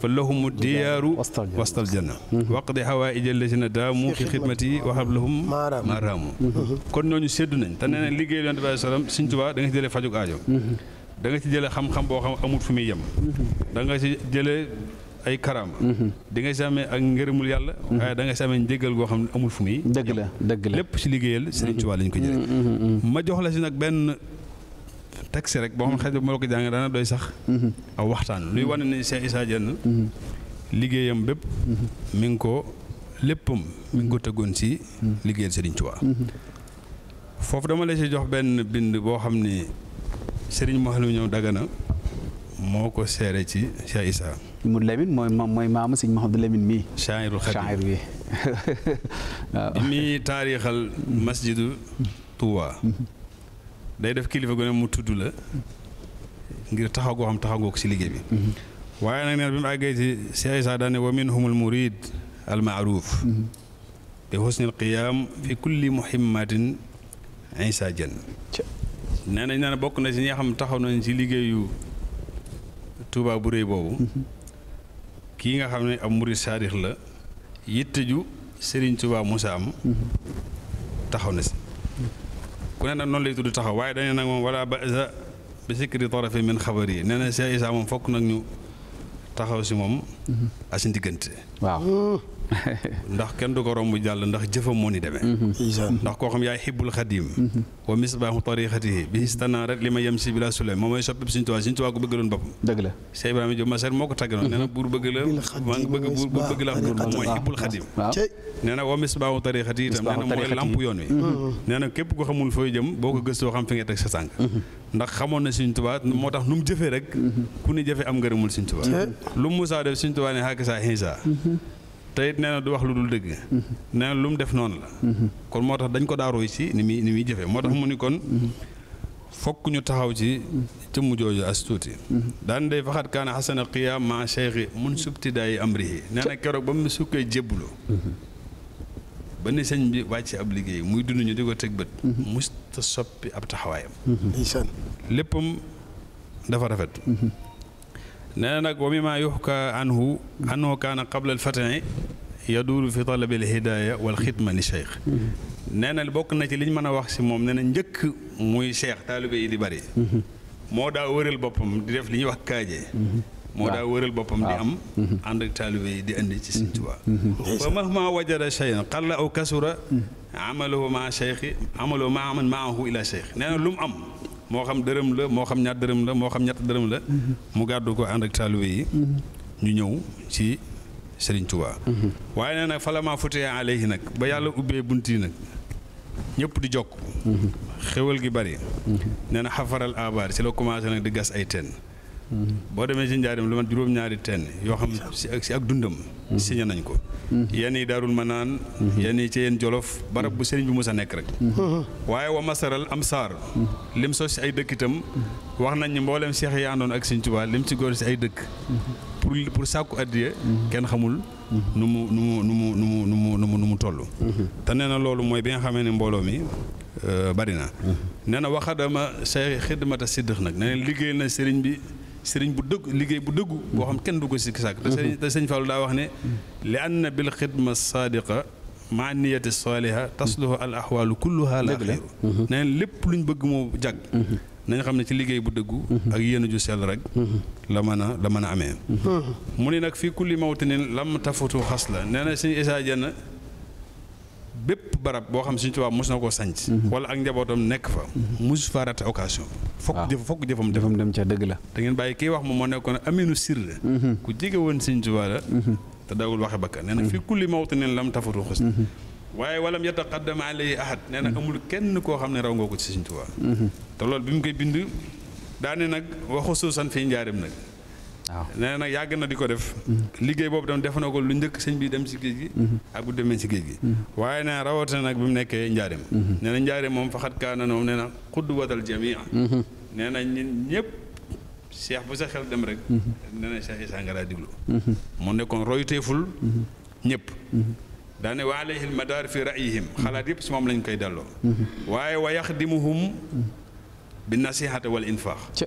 fa lahumu diyaaru wastal janna a daamu fi xidmati waxab lahum maaraamu mm-hmm. na liggéey Yonent bi sallam Sëñ Tuubaa da nga jëlee fajuk danga ci jëlee xam-xam boo xam amul fu muy yem mhm. da ci jëlee ay karaama mhm. di nga si amee ak ngërëmul yàlla mhm. waaye da nga si amee njëgal goo xam ne amul fu muy dëgg la lépp si liggéeyal Sëriñ Tuubaa lañ ko jëlee ma jox la si nag benn si rek boo xam ne xëy na moo la ko jàngee daana doy sax aw waxtaan luy wane ne Cheikh Issa Dienne liggéeyam bépp mi ngi ko léppam mi ngi ko tëggoon si liggéeyal Sëriñ Tuubaa foofu dama la si jox benn bind boo xam ne sëriñ Mouhalim ñëw Dagana moo ko seere ci Cheikh Issa. Moudou Lamine mooy mooy maamu sëñ Mouhamadou Lamine mii. Chahirul Khadim Chahir bi (laughs) waaw. bi muy taarixal masjidu Touba. day def kilifa gu mu tudd la. ngir taxaw goo xam taxaw goo ko ci liggéey bi. Mhm. waaye nag neen bi mu àggee ci Cheikh Issa daane wa minhumul murid al maaruf mhm. bi husnil qiyaam fi kulli muhimmatin Issa Diène nee nañ ne bokk na si ñi nga xam taxaw nañ ci liggéeyu Touba bu réy boobu mm-hmm. kii nga xam ne ab murid saadix la yitte ju sëriñ Serigne mu Moussa am mm-hmm. taxaw na si ku ne nag noonu lay tudd taxaw waaye dañu nag moom wala ba isa bi sikri tarafi min xabar yi nee na Cheikh Isa moom fokk nag ñu taxaw si moom mm-hmm. a si ndiggante waaw (laughs) ndax kenn du ko romb jàll ndax jëfam moo ni demee mm-hmm. ndax koo xam yaay xibbul xadim mm-hmm. wa misbaaxu tariqatihi bi istana rek li ma yem si bila sulay moom mooy soppib suñu tuwaa suñu tuwaa ko bëggaloon moo ko tàggaloon nee na mm-hmm. buur bëgg la maa ngi bëgg buur itam nee mooy lamp yoon wi nee na képp ko xamul fooy jëm boo ko gëstoo xam fi nga teg sa tànk ndax xamoon na suñu tuwaa moo tax nu mu jëfee rek ku ne jëfee am ngërëmul suñu tuwaa lu Moussa def suñu tuwaa ne xaaka saa te it du wax lu dul dégg mm-hmm. nee na lu mu def noonu la. Mm-hmm. kon moo tax dañ ko daarooy si ni muy ni muy jëfee moo tax mu ni kon. Mm-hmm. fokk ñu taxaw ci jëmm jooju as tuuti. daan day faxat kaana xasana qiyaam maa cheikhi mun subtidaay amrihi nee na keroog ba mu sukkee jébbalu. ba ni sëñ bi wàcc ab liggéey muy dund ñu di ko teg bët. musta soppi ab taxawaayam. léppam dafa rafet. nee na nag wa mimmaa yuxkaa anhu annahu kaana qabla al-fatxi yaduuru fi talabi al-hidaaya wal xidma li cheikh nee na bokk na ci li liñ mën a wax si moom nee na njëkk muy cheikh taalibe yi di bëri moo daa wëral boppam di def li ñuy wax kaaje moo daa wëral boppam di am ànd taalibe yi di indi ci Sëñ Tuubaa mm-hmm. Mm-hmm. fa mahma wajada cheyan qalla aw kasura mm-hmm. amaluhu maa cheikhi amaluhu maa man maahu ila cheikh nee lu mu am moo xam dërëm la moo xam ñaar dërëm la moo xam ñett dërëm la mu gàddu ko ànd ak taalibe yi ñu ñëw ci Serigne Touba waaye nee nag falamaa futiha alayhi nag ba yàlla ubbee bunt yi nag ñëpp di jokk xewal gi bari nee na xafaral abaar ci la commencé nag di gas ay teen boo demee si njaarim lu mat juróom-ñaari teen yoo xam si ak si ak dundam signé nañ ko yenn yi daarul ma naan yenn yi ci yéen jolof barab bu sëriñ bi mu sa nekk rek waaye wa masaral am saar lim sos si ay dëkk itam wax nañ ni mbooleem seex yi àndoon ak sëriñ Tuubaa lim ci góor si ay dëkk pour pour sàkku addiya kenn xamul nu mu nu mu nu mu nu mu nu mu nu mu toll te nee na loolu mooy bi nga xamee ne mbooloo mi euh, bari na nee na waxadama say xidmata siddiq nag nee liggéey na sëriñ bi sëriñ bu dëgg liggéey bu dëggu boo xam kenn du ko sikki sàkk te sëñ Fallu daa wax ne li anna bil xidma saadiqa ma niyati saaliha tasluhu al ahwaalu kulluha la xayru nee lépp luñ bëgg mu jàgg nañ xam ne ci liggéey bu dëggu ak yéen ju sell rek la mën a la mën a amee mu ni nag fii kulli mawtinin lam tafutu xas la nee na sëñ Isaa bépp barab boo xam Sëriñ Tuubaa mos na koo sanc mhm. wala ak njabootam nekk fa mhm. su fa rate occasion fokk jëf fokk jëfam defam dem ca dëgg la da ngeen bàyyi kii wax moom moo nekkoon aminu sirr mhm. ku jege woon Sëriñ Tuubaa la te dawul waxe bakka nee na fi kulli mawtinin lam tafatu xus waaye walam yataqaddam alayhi ahad nee na amul kenn koo xam ne raw nga ko ci Sëriñ Tuubaa te loolu bi mu koy bind daane nag waxu suusan fii njaarim nag nee na nag yàgg na di ko def mm-hmm. liggéey boobu tam def na ko lu njëkk sëñ bi dem si géej gi mm-hmm. ak bu demee si géej gi mm-hmm. waaye nee na rawatina nag bi mu nekkee njaareem nee na njaareem moom faxat kaana moom nee na xudwatal jamia nee na ñun ñëpp seex bu sa xel dem rek nee na Seex Isaa nga daa diglu mu nekkoon royteeful ñëpp daane wa alayhil madaar fi ra'yihim yëpp si moom lañ koy delloo waaye bi nasihati wal infaax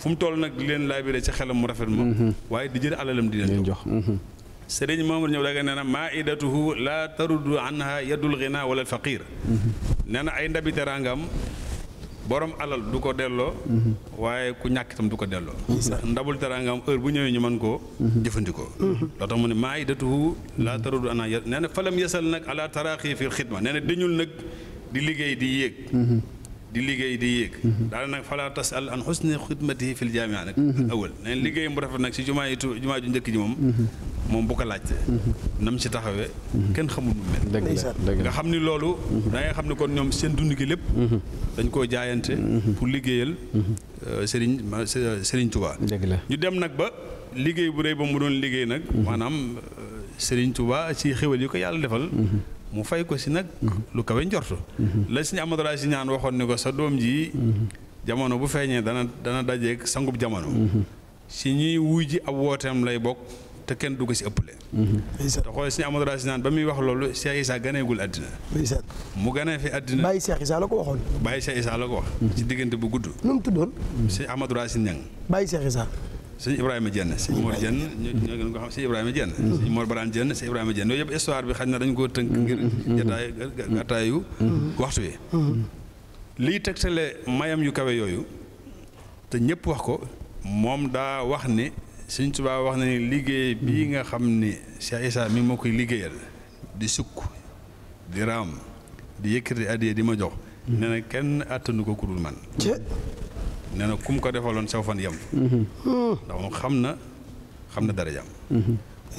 fu mu toll nag di leen laabiré ci xelam mu rafet ma mhm. waaye di jël alalam di leen jox mhm. sëriñ Mamadou ñëw daga nee na maidatuhu la tarudu anha yadul ghina wala alfaqir mhm. nee na ay ndabi teraangam borom alal du ko delloo waaye ku ñàkk itam du ko delloo ndabul teraangam heure bu ñëwee ñu man koo jëfandikoo loo tax mu ne maidatuhu la tarudu anha nee na falam yasal nag ala taraqi fi l xidma nee na dañul nag di liggéey di yéeg di liggéey di yéeg daal nag falaa tas al an xusni xidmatihi fil jaamia nag awal neen liggéey mu rafet nag si jumaa yi jumaa ju njëkk ji moom moom bu ko laajte nam si taxawee kenn xamul mu mel nga xam ni loolu da nga xam ne kon ñoom seen dund lépp dañ koo jaayante pour liggéeyal sëriñ sëriñ Tuubaa ñu dem nag ba liggéey bu rey ba mu doon liggéey nag maanaam euh, sëriñ Tuubaa ci xéwal yi ko yàlla defal mu fay ko si nag lu kawe njortu la suñu Amadou Raasi ñaan waxoon ni ko sa doom ji jamono bu feeñee dana dana dajeeg sangub jamono si ñuy wuy ji ab wooteem lay bokk te kenn du ko si ëppale te xool suñu Amadou Raasi ñaan ba muy wax loolu Cheikh Issa ganeegul àddina mu ganee fi àddina bàyyi Cheikh la ko waxoon bàyyi Cheikh Issa la ko wax ci diggante bu gudd nu mu tuddoon suñu Amadou Raasi Ñang bàyyi Cheikh Issa sëñ Ibrahima jenn sëñ Mor Diène ñoo gën ko xam sëñ Ibrahima Diène mm. sëñ Mor Baraan Diène sëñ Ibrahima Diène yooyu yëpp histoire bi xañ na dañ koo tënk ngir mm. Mm. jataay gàttaayu waxtu wi lii tegtale mayam yu kawe yooyu te ñëpp wax ko moom daa wax ni sëñ Tuubaa wax na ni liggéey bii nga xam ni Cheikh Issa mi moo koy liggéeyal di sukk di raam di yëkkati addiya di ma jox nee na kenn àttanu ko ku dul man nee na ku mu ko defaloon saw fan yem. ndax moom xam na xam na dara jàmm.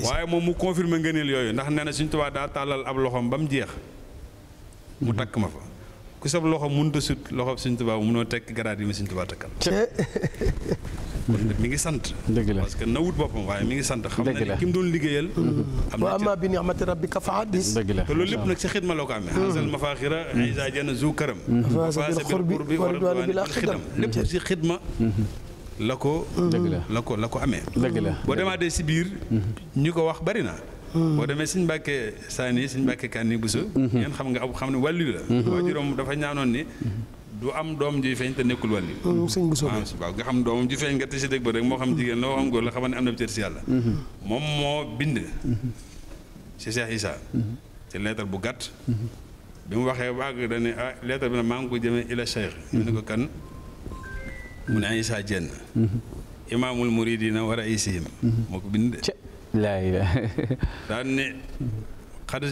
waaye moom mu confirmer ngëneel yooyu ndax nee na suñ tubaab daa tàllal ab loxoom ba mu jeex. mu takk ma fa. ku sab loxo mënut a sut loxo Sëñ Tuubaa mënoo tekk garaat yi ma Sëñ Tuubaa takkal. mi ngi sant. dëgg la parce que nawut boppam waaye mi ngi sant. xam na ne ki mu doon liggéeyal. am na amma bi ni'mati rabbika fa haddis. dëgg la te loolu lépp nag si xidma la ko amee. xasal mm. mafaaxira mm. isa jana zu karam. Mm. faasabil xurbi wa si mm-hmm. la ko. dëgg la la la ko amee. dëgg la boo demaatee si biir. Mm-hmm. ñi ko wax bari na. Hmm. boo demee Sëñ Mbàkke Saani Sëñ Mbàkke Kanni Buso ngeen hmm. xam nga am xam ne wàllu la hmm. waajuram dafa ñaanoon ni du am doom ji feeñ te nekkul wàllu sëñ Buso ah, waaw nga xam doomam ji feeñ nga te si dëgg ba rek moo xam jigéen la moo xam góor la si yàlla moom moo bind si Cheikh Issa ci leetar bu gàtt bi mu waxee waag dane ah leetar bi nag maa ngi ko jëmee ila Cheikh ñu ne ko kan mu ne Issa Diène imaamul muridina wa raisihim moo ko bind laa ilaa daan ne xad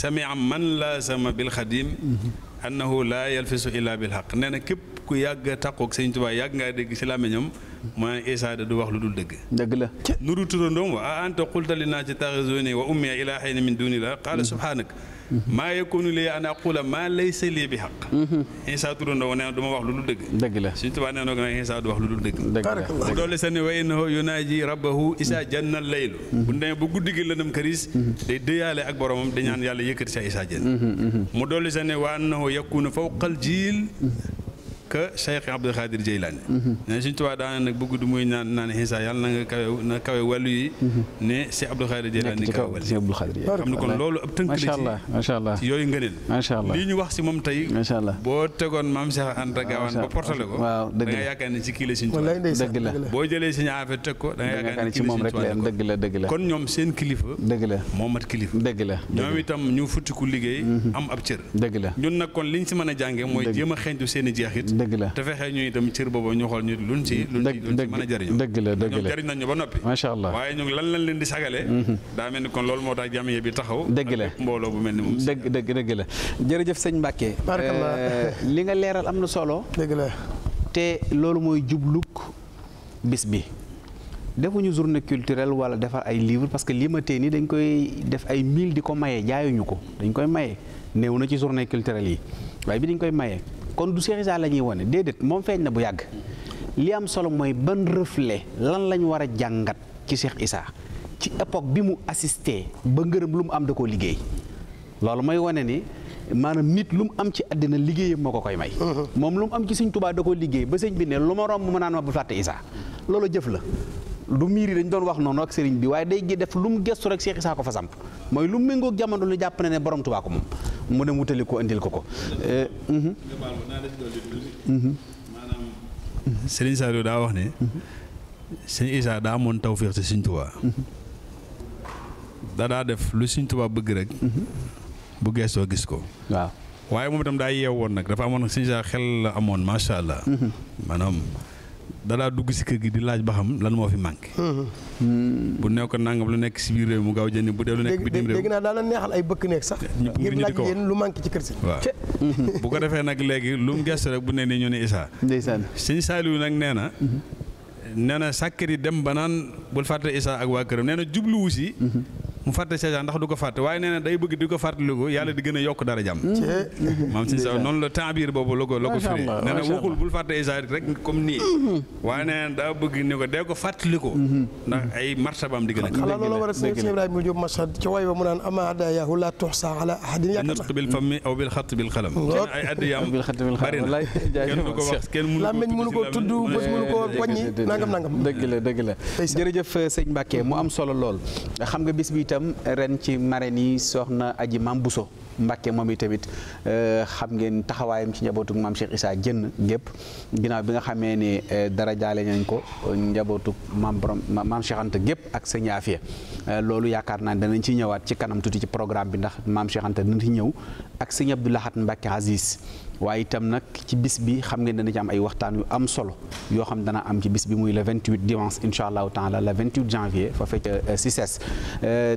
samia man laazama bil xadim annahu laa yalfisu illaa bil xaq nee na képp ku yàgg a tàqoog sëñ Tuubaa yàgg ngaa dégg ci làmmiñam mooy Isaa da du wax lu dul dëgg dëgg la nuru turandoom wa a anta qulta naa ci taxizuuni wa a ilaa xayni min duuni qaala subhaanak maa yakunu li an aqula maa laysa lii bi xaq mhm. Isaa turandoo nee na du ma wax lu dul dëgg dëgg la Sëriñ Tuubaa nee na ko nag Isaa wax lu dul dëgg mu dolli sa ne wa innahu yunaaji rabbahu Isaa janna laylu mhm. bu demee ba guddi gi lëndëm këris mhm. day dëyaale ak boromam dañaan yàlla yëkkati sa Isaa jën mu dolli sa ne wa annahu yakunu fawqal jiil que Cheikh Abdou Khadir Jeylaani mhm. ne suñ tubaab daana nag bëgg du muy naan naan xiisa yàlla na nga kawe yi mhm. ne Cheikh Abdou Khadir Jeylaani kawe wàllu xam ne loolu ab tënk la yooyu ngëneel macha allah ñu wax si moom tey macha allah boo tegoon maam Cheikh Anta Gaawaan yaakaar ne ci kii la suñ tubaab dëgg la boo jëlee suñu affaire teg ko da yaakaar ne ci moom rek la dëgg la kon ñoom seen kilifa dëgg la moo mat kilifa dëgg la ñoom itam ñu futtiku liggéey mhm. am ab cër dëgg la ñun nag kon liñ si mën a jànge mooy jéem a xeeñtu seen i jeexit dëgg la te fexe ñu itam cër boobu ñu xool ñu luñ ci luñ ci luñ ci mën a jëriñoo dëgg la dëgg la ñoom jëriñ nañu ba noppi macha allah waaye ñu lan lañ leen di sagale mhm. daa mel ni kon loolu moo tax jamiye bi taxaw dëgg la mbooloo bu mel ni dëgg dëgg dëgg la jërëjëf sëñ Mbàkke euh, li nga leeral am na solo dëgg te loolu mooy jubluk bis bi defuñu journée culturelle wala defar ay livre parce que lii ma tee nii dañ koy def ay mille di ko mayee jaayuñu ko dañ koy maye néew na ci journée culturelle yi waaye bi dañ koy mayee kon du Cheikh Issa la ñuy wane déedéet moom feeñ na bu yàgg li am solo mooy ban reflet lan lañ war a jàngat ci Cheikh Issa ci époque bi mu assisté ba ngërëm lu mu am da koo liggéey loolu mooy wane ni maanaam nit lu mu am ci àddina liggéeyam moo ko koy may uh-huh. moom lu mu am ci sëñ Tuubaa da koo liggéey ba sëñ bi ne lu ma romb mu naan ma bu fàtte Issa loolu jëf la lu miir yi dañ doon wax noonu ak sëriñ bi waaye day gi def lu mu gestu rek Cheikh Issa ko fa samp mooy lu mu méngoog jamono lu jàpp ne ne borom Tuubaa ko moom mu dem wutali ko indil ko ko. Eh, maanaam. Mhm. sëriñ Saliou daa wax ne. sëriñ Issa daa amoon tawféex ci sëriñ Tuubaa. Mhm. dadaa daa def lu sëriñ Tuubaa bëgg rek. Mhm. bu gestoo gis ko. waaw waaye moom itam daa woon nag dafa amoon sëriñ Issa xel la amoon macha allah. maanaam. danaa dugg si kër gi di laaj ba xam lan moo fi manqué. Mm-hmm. bu ne ko lu nekk si biir réew mu gaaw jënd bu dee lu nekk bitim réew. dégg naa daan na neexal ay bëkk nekk sax. ngir laaj yéen lu manqué ci kër si. waaw (laughs) bu ko defee nag léegi lu mu rek bu nee nii ñu ne Issa. ndeysaan sëñ Saliou nag nee na. Mm-hmm. nee na sàkkari dem ba naan bul fàtte Issa ak waa këram nee na jubluwu si. Mm-hmm. mu fàtte Cheikh ndax du ko fàtte waaye nee na day bëgg di ko fàttaliku yàlla di gën a yokk dara jàmm maam si sa noonu la taabir boobu la ko la ko na waxul bul fàtte mm-hmm. daa bëgg ni ko dee ko fàttaliku mm-hmm. ndax ay martabaam di gën a xanaa loolu war a sëñ Ibrahima Diop Masad ci way ba mu naan ama adayaahu la tuxsa ala ahadin yàq nutq bil fami aw bil xat bil xalam ay na kenn du ko wax kenn mënu làmmiñ mënu ko tudd bés nangam nangam dëgg la dëgg la jërëjëf sëñ Mbàkke mu am solo lool xam nga bis bi itam ren ci marraine yi soxna aji maam Bousso Mbacke moom i tamit euh, xam ngeen taxawaayam ci njabootuk maam Cheikh Issa Diène gépp ginnaaw bi nga xamee ne euh, dara jaale nañ ko euh, njabootuk maam borom maam Cheikh gépp ak sëñ Afia loolu yaakaar naa danañ ci ñëwaat ci kanam tuuti ci programme bi ndax maam Cheikh Anta dinañ ñëw ak sëñ Abdou Lahat Mbacke Aziz waaye itam nag ci bis bi xam ngeen dana ci am ay waxtaan yu am solo yoo xam dana am ci bis bi muy le 28 dimanche incha allahu taala le 28 janvier fa fekk si ses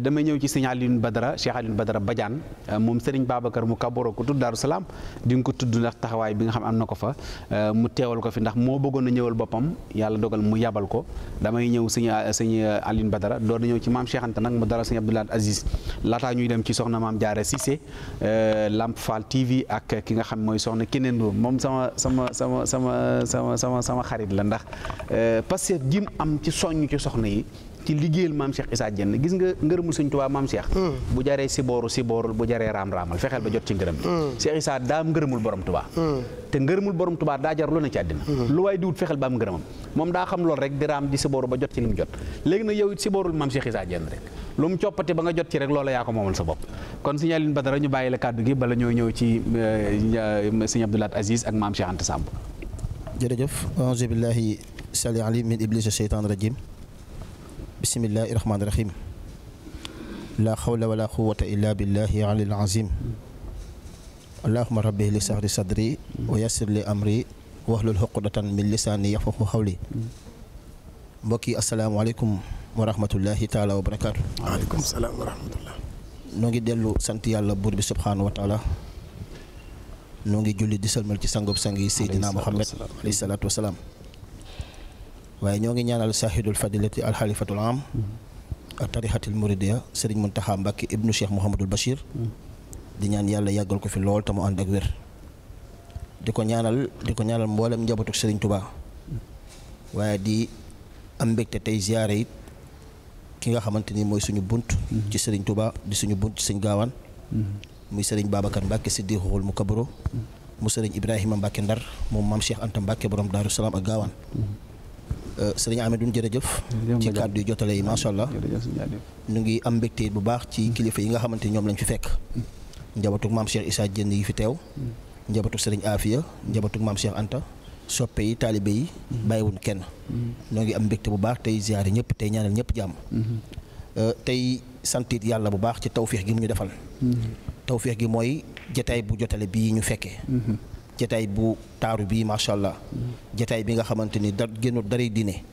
damay ñëw ci sëñ Alioune Badara Cheikh Alioune Badara Badiane euh, moom Serigne Babacar mu kaboro ku tudd Daaru Salaam di nga ko tudd ndax taxawaay bi nga xam am na ko fa euh, mu teewal ko fi ndax moo bëggoon a ñëwal boppam yàlla dogal mu yabal ko damay ñëw sëñ euh, sëñ Alioune Badara door na ñëw ci ma Cheikh nag mu dara sëñ Abdoulaye Aziz laataa ñuy dem ci soxna maam Diarra Cissé ki nga xam mooy soxna soxna keneen Ndour moom sama sama sama sama sama sama sama xarit la ndax euh, Pastef jim am ci soññ ci soxna yi ci liggéeyal maam Cheikh Issa Dieng gis nga ngërëmul sëñ Tuubaa maam Cheikh hmm. bu jaree sibooru siboorul bu jaree raam-raamal fexeel ba jot ci ngërëm bi hmm. Cheikh Issa daam ngërëmul borom Tuubaa hmm. te ngërëmul borom Tuubaa daa jar lu ci àddina lu waay diwut fexeel ba am ngërëmam moom daa xam lool rek di raam di sibooru ba jot ci li mu jot léegi nag yow it siboorul maam Cheikh Issa lu mu coppati ba nga jot ci rek loola yaa ko moomal sa bopp kon Serigne Alioune Badara ñu bàyyi la kàddu gi bala ñoo ñëw ci euh, Serigne Abdou Lahad Aziz ak maam Cheikh Anta Samb jërëjëf auzu billahi sali alim min iblis sheytaan rajim bismillahi rahmaani rahim laa xawla wala quwata illa billahi alil azim rabbi li sahri sadri wa li amri wahlul xuqdatan min lisaani yafqahu xawli mbokk yi asalaamaaleykum wa rahmatullahi taala wa barakaatu. ngi dellu sant yàlla buur bi ngi julli di salmal ci sangob sang yi Seydina Mohamed alayhi waaye ñoo ngi ñaanal saahidul fadilati alxalifatul am. tarixatil muridiya Serigne Mountakha Mbacke ibnu Cheikh Mouhamadul Bachir. di ñaan yàlla yàggal ko fi lool te mu ànd ak wér. di ko ñaanal di ko ñaanal mboolem njabootu Serigne Touba. waaye di am mbégte tey ziyaare it ki nga xamante ni mooy suñu bunt mm-hmm. ci sëriñ Touba di suñu bunt ci sëñ gaawaan mm-hmm. muy sëriñ Babacar Mbacke si dixuxul mu kabaro mu sëriñ Ibrahima Mbacke Ndar moom maam Cheikh Anta Mbacke borom Daaru Salaam ak gaawaan sëriñ Amadou jërëjëf ci kàddu yu jotale yi macha allah ñu ngi am mbégte bu baax ci mm-hmm. kilifa yi nga xamante ni ñoom lañ fi fekk njabootu maam Cheikh Issa Dieng yi fi teew njabootu sëriñ Afia njabootu maam Cheikh Anta soppe yi taalibe yi bàyyiwuñ kenn noo am mbégte bu baax tey ziyaare ñëpp tey ñaanal ñëpp jàmm mm-hmm. euh, tey santit yàlla bu baax ci tawféex gi mu ñu defal mm-hmm. tawféex gi mooy jataay bu jotale bii ñu fekkee mm-hmm. jataay bu taaru bii macha allah jataay bi nga xamante ni da génnul daray diine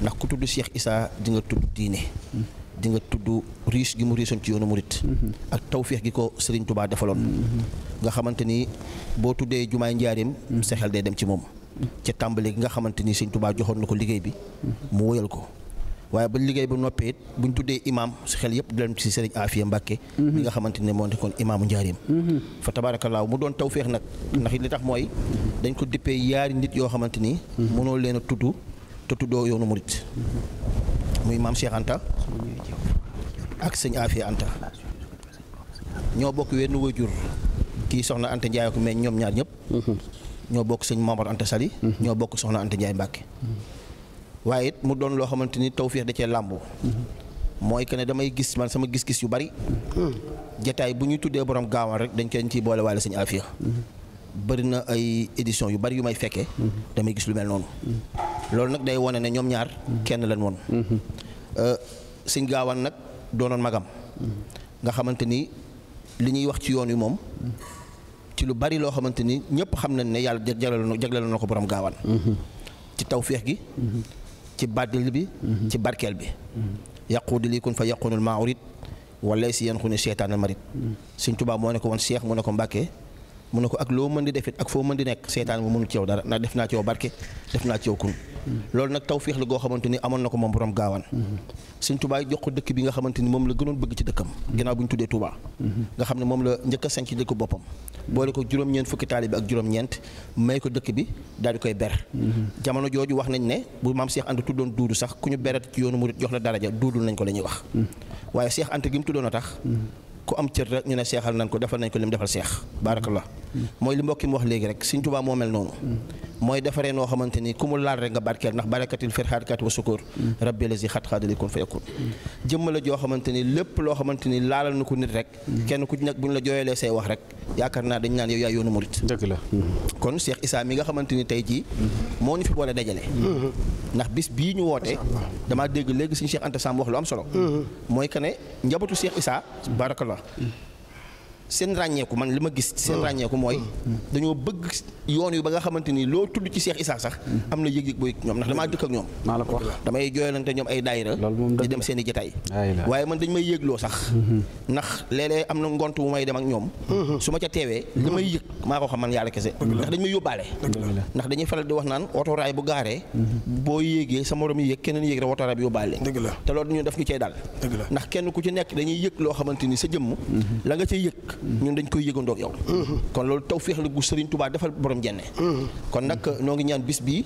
ndax ku tudd Cheikh Issa di nga tudd diine di nga tudd riis gi mu riisoon ci yoonu murit ak tawféex gi ko Serigne Touba defaloon nga xamante ni boo tuddee jumaay njaarim sa xel day dem ci moom ca tàmbali gi nga xamante ni sëñ Touba joxoon na ko liggéey bi mu woyal ko waaye ba liggéey ba noppee it buñ tuddee imaam si xel yëpp di leen si sëriñ Afia Mbàkke mi nga moo nekkoon imaamu njaareem fa tabaarakallaahu mu doon tawféex nag ndax li tax mooy dañ ko dippee yaari nit yoo xamante ni mënoo leen a tudd te tuddoo yoonu murit muy maam Cheikh Anta ak sëñ Afia Anta ñoo bokk wenn wajur kii soxna Anta Njaay ko mais ñoom ñaar ñëpp ñoo bokk sëñ Mamadou Anta Sali mhm. ñoo bokk soxna Anta Ndiaye Mbacke mhm. waaye it mu doon loo xamante ni tawféex da cee làmbu mhm. mooy que ne damay gis man sama gis-gis yu bari jataay bu ñuy tuddee boroom gaawaan rek dañ koy ciy boole waale sëñ Afia bëri na ay édition yu bari yu may fekke damay gis lu mel noonu loolu nag day wane ne ñoom ñaar kenn lañ woon euh, sëñ gaawaan nag doonoon magam nga xamante ni li ñuy wax ci yoon wi moom ci lu bari loo xamante ni ñëpp xam nañ ne yàlla jagleel jagleel na ko borom gaawaan mhm. ci tawféex gi mhm. ci baddil bi mhm. ci barkeel bi di li kun fa yaqunul maarid wala si yan xu ne seetaanal marit suñ tubaab moo ne ko woon seex mu ne ko mbàkkee mun na ko ak loo mën di defit ak foo mën di nekk seetaan mu mënul ci dara ndax def naa ci yow barke def naa ci kun loolu nag tawféex la goo xamante ni amoon na ko moom borom gaawaan sëñ Touba jox ko dëkk bi nga xamante ni moom la gënoon bëgg ci dëkkam ginnaaw bu ñu tuddee Touba nga xam ne moom la njëkk a sanc ci dëkk boppam boole ko juróom-ñeent fukki taalibe ak juróom-ñeent may ko dëkk bi daal koy ber jamono jooju wax nañ ne bu maam Cheikh Anta tuddoon duudu sax ku ñu beret ci yoonu murit jox la daraja duudul nañ ko la ñuy wax waaye Cheikh Anta gi mu tuddoon a tax ku am cër rek ñu ne seexal nañ ko defal nañ ko lim defal seex baarakallah mm. mooy li mbokki mu wax léegi rek Sëriñ Tuubaa moo mel noonu mm. mooy defaree noo xamante ni ku mu laal rek nga barkeel ndax barakatil firxaatkat wa sukur rabbi lazi xat xaadalikun fa yakun jëmm la joo xamante ni lépp loo xamante ni laalal na ko nit rek kenn ku ci nag bu ñu la jooyalee say wax rek yaakaar naa dañ naan yow yaa yoonu murit dëgg la kon Cheikh Issa mi nga xamante ni tey jii moo ñu fi boole dajale ndax bis bii ñu woote damaa dégg léegi suñu Cheikh Anta Samb wax lu am solo mooy que ne njabootu Cheikh barak barakallah seen ràññeeku man li ma gis seen ah. ràññeeku mooy ah. dañoo bëgg yoon yi ba nga xamante ni loo tudd ci Cheikh Issa sax hmm. am na yëg-yëg booy ñoom ndax damaa dëkk ak ñoom maa la ko wax damay jooyalante ñoom ay daayira di dem seen i jataay waaye man dañ may yëgloo sax hmm. ndax léeg-léeg am na ngont bu may dem ak ñoom hmm. su ma ca teewee li may yëg maa ko xam man yàlla kese ndax dañ may yóbbaale ndax dañuy faral di wax naan otoraay bu gaaree boo yéegee sa morom yi yëg keneen yéeg rek otoraay bi yóbbaale te loolu ñu def ñu cey daal kenn ku ci nekk dañuy yëg loo xamante ni sa jëmm la nga cay yëg ñun dañ koy yëgandoo ak yow mm-hmm. kon loolu tawféex la gu Serigne Touba defal borom jenne mm-hmm. kon nag noo ñaan bis bii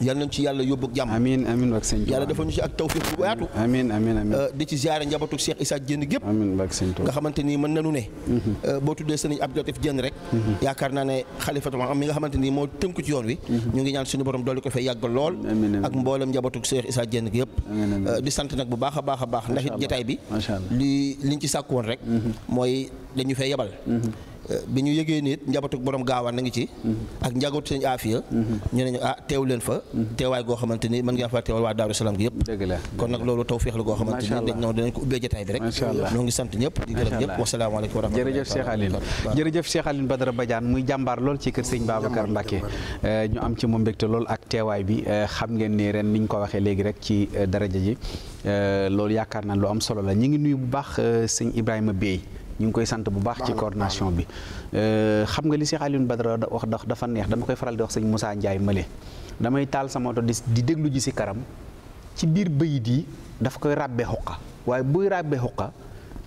yal nañ ci yàlla yóbbu ak jàmm amiin amiin ak sëñ yàlla defal ñu ci ak tawfiq bu yaatu amiin amiin amiin euh, di ci ziare njabootu Cheikh Issa Diène gépp amiin nga xamante ni mën nañu ne mm-hmm. euh, boo tuddee sëñ Abdou Latif rek mm-hmm. yaakaar naa ne xalifatam am mi nga xamante ni moo tënku ci yoon wi mm-hmm. ñu ngi ñaan suñu borom doole ko fay yàggal lool ak mboolem njabootu Cheikh Issa Diène yëpp euh, di sant nag bu baax a baax a baax ndax it jotaay bi li liñ ci sàkku woon rek mooy dañu fee yebal bi ñu yëgee nit njabootu borom gaawaan na ci mm-hmm. ak njabootu sëñ aafiya mm-hmm. ñu ne ah teew leen fa mm-hmm. teewaay goo xamante ni mën ngeen faa teewal waa Daaru Salaam yëpp la kon nag loolu tawféex la goo xamante ni dañ noonu dinañ ko ubbee jotaay bi rek ñoo ngi sant ñëpp di gërëm ñëpp wasalaamaaleykum wa rahmatulah jërëjëf Cheikh Aline jërëjëf Cheikh Aline Badara Badiane muy jàmbaar lool ci kër sëñ Babacar eh, ñu am ci moom mbégte lool ak teewaay bi eh, xam ngeen ni ren ni ñu ko waxee léegi rek ci eh, daraja ji loolu yaakaar naan lu am solo la ñu ngi nuyu bu baax sëñ Ibrahima Bey ñu ngi koy sant bu baax ci coordination bi euh, xam nga li Cheikh Alioune Badara wax dox dafa neex dama koy faral di wax sañ Moussa Ndiaye Male damay taal sama oto di déglu ji si karam ci biir bayit yi dafa koy ràbbee xuqa waaye buy ràbbee xuqa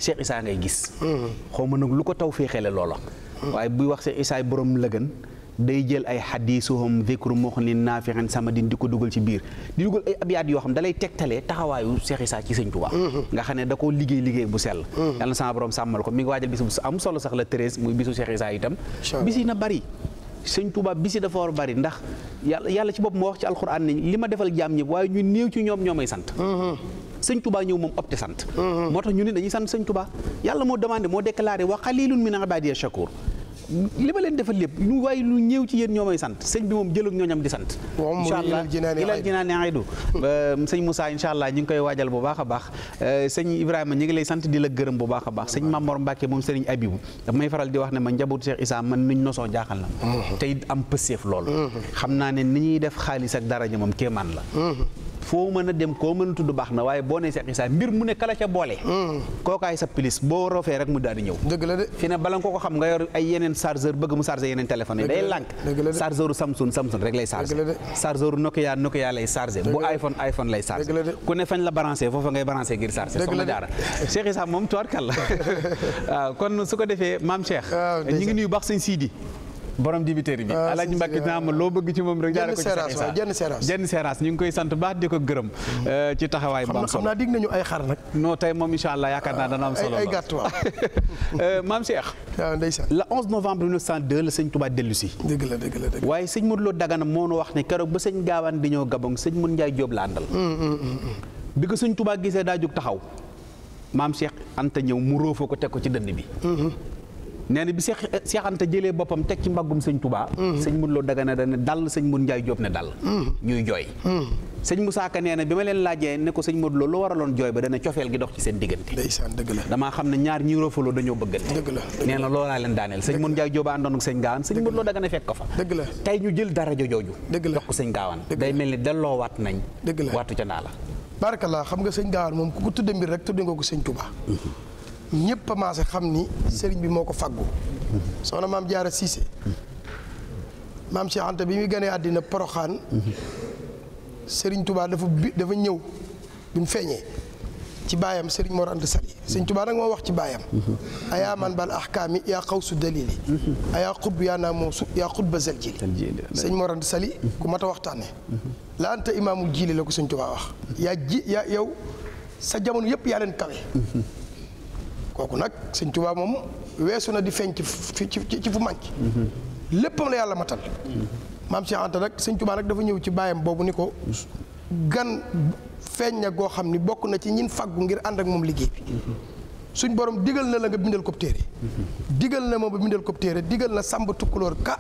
Cheikh Issa ngay gis mm-hmm. xaw ma nag lu ko taw fee xele loola mm-hmm. waaye buy wax Cheikh Issa borom lëgën day jël ay xadiisuhum dhikru muxnin naafixin samadin di ko dugal ci biir di dugal ay abiyaat yoo xam da lay taxawaayu Seex Isaa ci Sëñ mm-hmm. nga xam ne da koo liggéey liggéey bu sell mm-hmm. yàlla na sama borom sàmmal ko mi ngi waajal bis bu am solo sax la treize muy bisu Seex Isaa itam bis yi na bari Sëñ Tuubaa dafa war bari ndax yàlla yàlla ci bopp moo wax ci alxuraan ne li ma defal jaam ñëpp waaye ñu néew ci ñoom ñoo may sant mm-hmm. sëñ ñëw moom opté sant moo tax ñu ne dañuy sant sëñ Touba yàlla moo demandé moo déclaré wa qalilun min ibadiya shakur li ma leen defal lépp lu waaye lu ñëw ci yéen ñoo may sant sëñ bi moom jëlug ñooñam di sant incha allah ilal jinaa ne aydu (laughs) sëñ Moussa incha allah ñu ngi koy waajal bu baax a baax euh, sëñ Ibrahima ñu ngi lay sant di la gërëm bu baax a baax sëñ Mamor Mbacke moom sëriñ Abibu daf may faral di wax ne ma njabootu Cheikh Issa man nuñ nosoo jaaxal na mm-hmm. tey am pëseef loolu mm-hmm. xam naa ne ni ñuy def xaalis ak daraja moom kéemaan la mm-hmm. foo mën na dem koo mën a tudd baax na waaye boo ne Cheikh Issa mbir mu ne kala ca boole. Hmm. kookaay sa pilis boo roofee rek mu daal di ñëw. dëgg la de fi ne bala nga ko xam nga yor ay yeneen chargeur bëgg mu chargé yeneen téléphone yi day lànk. chargeur Samsung Samsung rek lay chargé. chargeur Nokia Nokia lay chargé. bu iPhone iPhone lay chargé. ku ne fañ la branché foofa ngay branché ngir chargé. dëgg la de soxna Diarra Cheikh Issa moom tuwaat kan la kon su ko defee maam Cheikh. ñu ngi nuyu baax sëñ Sidi borom dibiteri bi ah, Alaaji Mbàkke dina ah. am loo bëgg ci moom rek jaare ko ci jenn séerase jenn séerase ñu ngi koy sant baax di ko gërëm mm-hmm. euh, ci taxawaay bu am solo nañu ay xar nag non tey moom incha allah yaakaar naa dana am solo ah, (laughs) euh, maam Cheikh ndeysaan la 11 novembre 1902 la sëñ Touba dellu si dëgg la dëgg la dëgg waaye sëñ Modou Lo Dagana moo nu wax ni keroog ba sëñ Gaawaan di ñëw Gabon sëñ Mun Njaay Jóob la àndal mm, mm, mm, bi ko sëñ Touba gisee daa jóg taxaw maam Cheikh Anta ñëw mu róofa ko teg ko ci dënd bi mm-hmm. nee na bi Seex Seex Anta jëlee boppam teg ci mbaggum sëñ Touba. Mm-hmm. sëñ Modou Lo Dagana dana dal sëñ Modou Ndiaye Diop ne dal. Mm-hmm. ñuy jooy. Mm-hmm. sëñ Moussa Ka nee na bi ma leen laajee ne ko sëñ Modou Lo lu waraloon jooy ba dana cofeel gi seen diggante. ndeysaan dëgg ne ñaar ñi roofaloo dañoo bëggante. dëgg la nee na loolaa leen daaneel sëñ Modou Ndiaye Diop a àndoon ak sëñ Gaawaan sëñ Modou Lo dëgg la tey ñu jël dara jooju. dëgg la jox ko sëñ Gaawaan. day mel ni delloo waat nañ. dëgg la waatu la. xam nga sëñ Gaawaan moom ku ko tudde mbir rek tudde nga ko sëñ Touba ñëpp a maase xam ni sëriñ bi moo ko faggu soxna maam a siise maam si Anta bi muy ganee àddina poroxaan sëriñ tubaa dafa bi dafa ñëw bi mu feeñee ci baayam sëriñ Mor Anta Sali sëriñ tubaa nag moo wax ci baayam ayaa man baa ahkaami yaa xaw su dalili ayaa xutb yaa naa moo su yaa xutba zel jili sëriñ Mor Anta Sali ku mat a waxtaane la anta imaamul jili la ko sëriñ tubaa wax yaa ji yaa yow sa jamono yëpp yaa leen kawe kooku nag sëñ Tuubaa moom weesu na di feeñ ci ci fu mànk mm-hmm. léppam la yàlla matal mm-hmm. maam Cheikh Anta nag sëñ Tuubaa nag dafa ñëw ci baayam boobu ni ko gan feeñ na goo xam ni bokk na ci ñin fàggu ngir ànd ak moom liggéey bi mm-hmm. suñ borom digal na la nga bindal kob téere digal na moom ba bindal kob téere digal na sàmb tukkulóor ka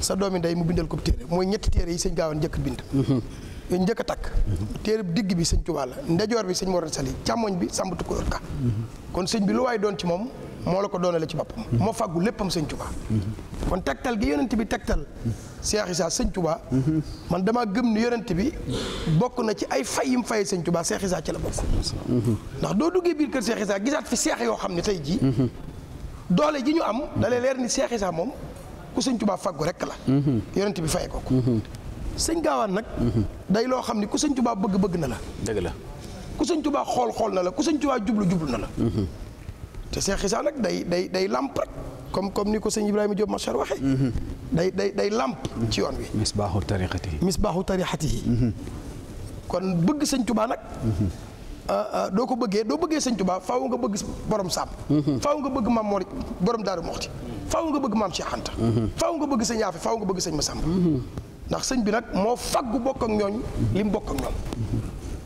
sa doomi ndey mu bindal kob téere mooy ñetti téere yi sëñ Gaawaan njëkk bind njëkk a takk téereb digg bi sëñ Tuubaa la ndejoor bi sëñ Mor Sali càmmoñ bi Sàmba ko Ka kon sëñ bi lu waay doon ci moom moo la ko doonale ci boppam moo fàggu léppam sëñ Tuubaa kon tegtal gi yonent bi tegtal Cheikh Issa sëñ Tuubaa man damaa gëm ni yonent bi bokk na ci ay fay yim fay sëñ Tuubaa Cheikh Issa ci la bokk ndax doo duggee biir kër Cheikh Issa gisaat fi seex yoo xam ne tey jii doole ji ñu am dalee leer ni Cheikh moom ku sëñ Tuubaa fàggu rekk la yonent bi fayee sëñ gaawaan nag. day loo xam ni ku sëñ Tuubaa bëgg bëgg na la. dëgg la ku sëñ Tuubaa xool xool na la ku sëñ Tuubaa jublu jublu na la. Mhm. te Cheikh Issa nag day day day làmp rek comme comme ni ko sëñ Ibrahima Diop Machar waxee. Mhm. day day day làmp ci yoon wi. misbaaxu tariqati yi. misbaaxu tariqati yi. Mhm. kon bëgg sëñ Tuubaa nag. Ah, ah, doo ko bëggee doo bëggee sëñ Tuubaa faw nga bëgg borom Samb. faaw nga bëgg maam moo borom Daaru Moxti. faw nga bëgg maam Cheikh Anta. faaw nga bëgg sëñ Yaafe faw nga bëgg sëñ Masamba. ndax sëñ bi nag moo faggu bokk ak ñooñ li mu bokk ak ñoom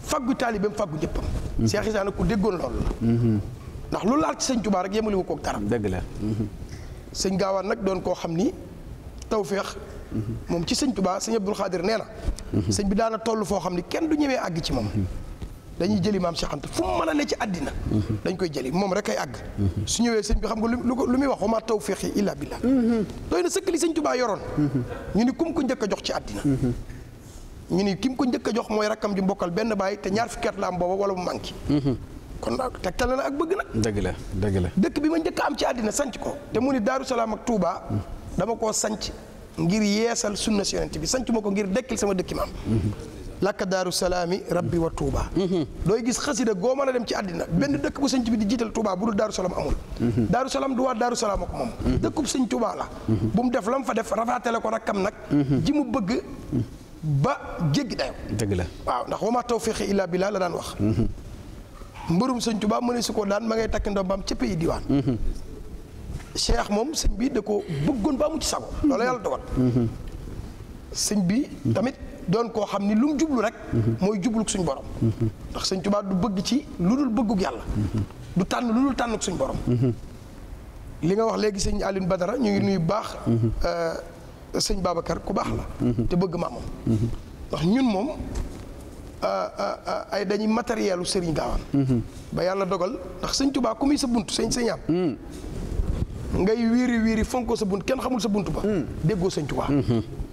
faggu taalibeem faggu ñëppam mhm. Cheikh Issa nag ku déggoon loolu la mhm. ndax lu laal ci sëñ Tuubaa rek yemaliwu kook dara dëgg la mhm. sëñ gaawaan nag doon koo xam ni tawféex moom ci sëñ Tuubaa sëñ Abdul Xaadir nee na sëñ bi daana toll foo xam ni kenn du ñëwee àgg ci moom dañuy jëli maam Cheikh Anta fu mu mën a ne ci àddina dañ koy jëli moom rek ay àgg su ñëwee sëñ bi xam nga lu ko lu muy wax wa maa tawfiiqi illaa billaah doy na sëkk li sëñ yoroon ñu ni kum ko njëkk a jox ci àddina ñu ni kim ko njëkk a jox mooy rakkam ji mbokkal benn baay te ñaar fukki at la am booba wala mu manqué kon te tegtal na ak bëgg nag dëgg la dëgg la dëkk bi ma njëkk a am ci àddina sanc ko te mu ni Daaru Salaam ak Touba dama koo sanc ngir yeesal sunna si bi sanc ko ngir dekkil sama dëkki làkka daaru salaami rabbi wa Touba. dooy mhm. gis xasida goo mën a dem ci àddina benn dëkk bu sëñ bi di jiital Touba bu dul daaru salaam amul mhm. daaru salaam du waa daaru ak moom mhm. dëkkub sëñ Touba la bu mu def la mu fa def rafaatale ko rakkam nag ji mu bëgg ba jéggi dayo dëgg la waaw ndax wama tawfiqi illa billah la daan wax mbërum sëñ Touba mëne su ko daan ma ngay takk ndombaam ca pays diwaan cheikh moom sëñ bi da ko bëggoon ba mu ci sago loolu yàlla sëñ bi tamit doon koo xam ni lu mu jublu rek. mooy jubluk suñu borom. ndax sëñ Tuubaa du bëgg ci lu dul bëgguk yàlla. du tànn lu dul tànnuk suñu borom. li nga wax léegi sëñ Alioune Badara ñu ngi nuyu baax. Euh, sëñ Babacar ku baax la. bëgg maamam. ndax ñun moom euh, euh, ay dañuy matérielu sëriñ gaawaan ba yàlla dogal ndax sëñ tubaa ku muy sa bunt sëñ sëñaam hmm. ngay wiiri wiiri fonko sa bunt kenn xamul sa bunt ba. Hmm. déggoo sëñ Tuubaa.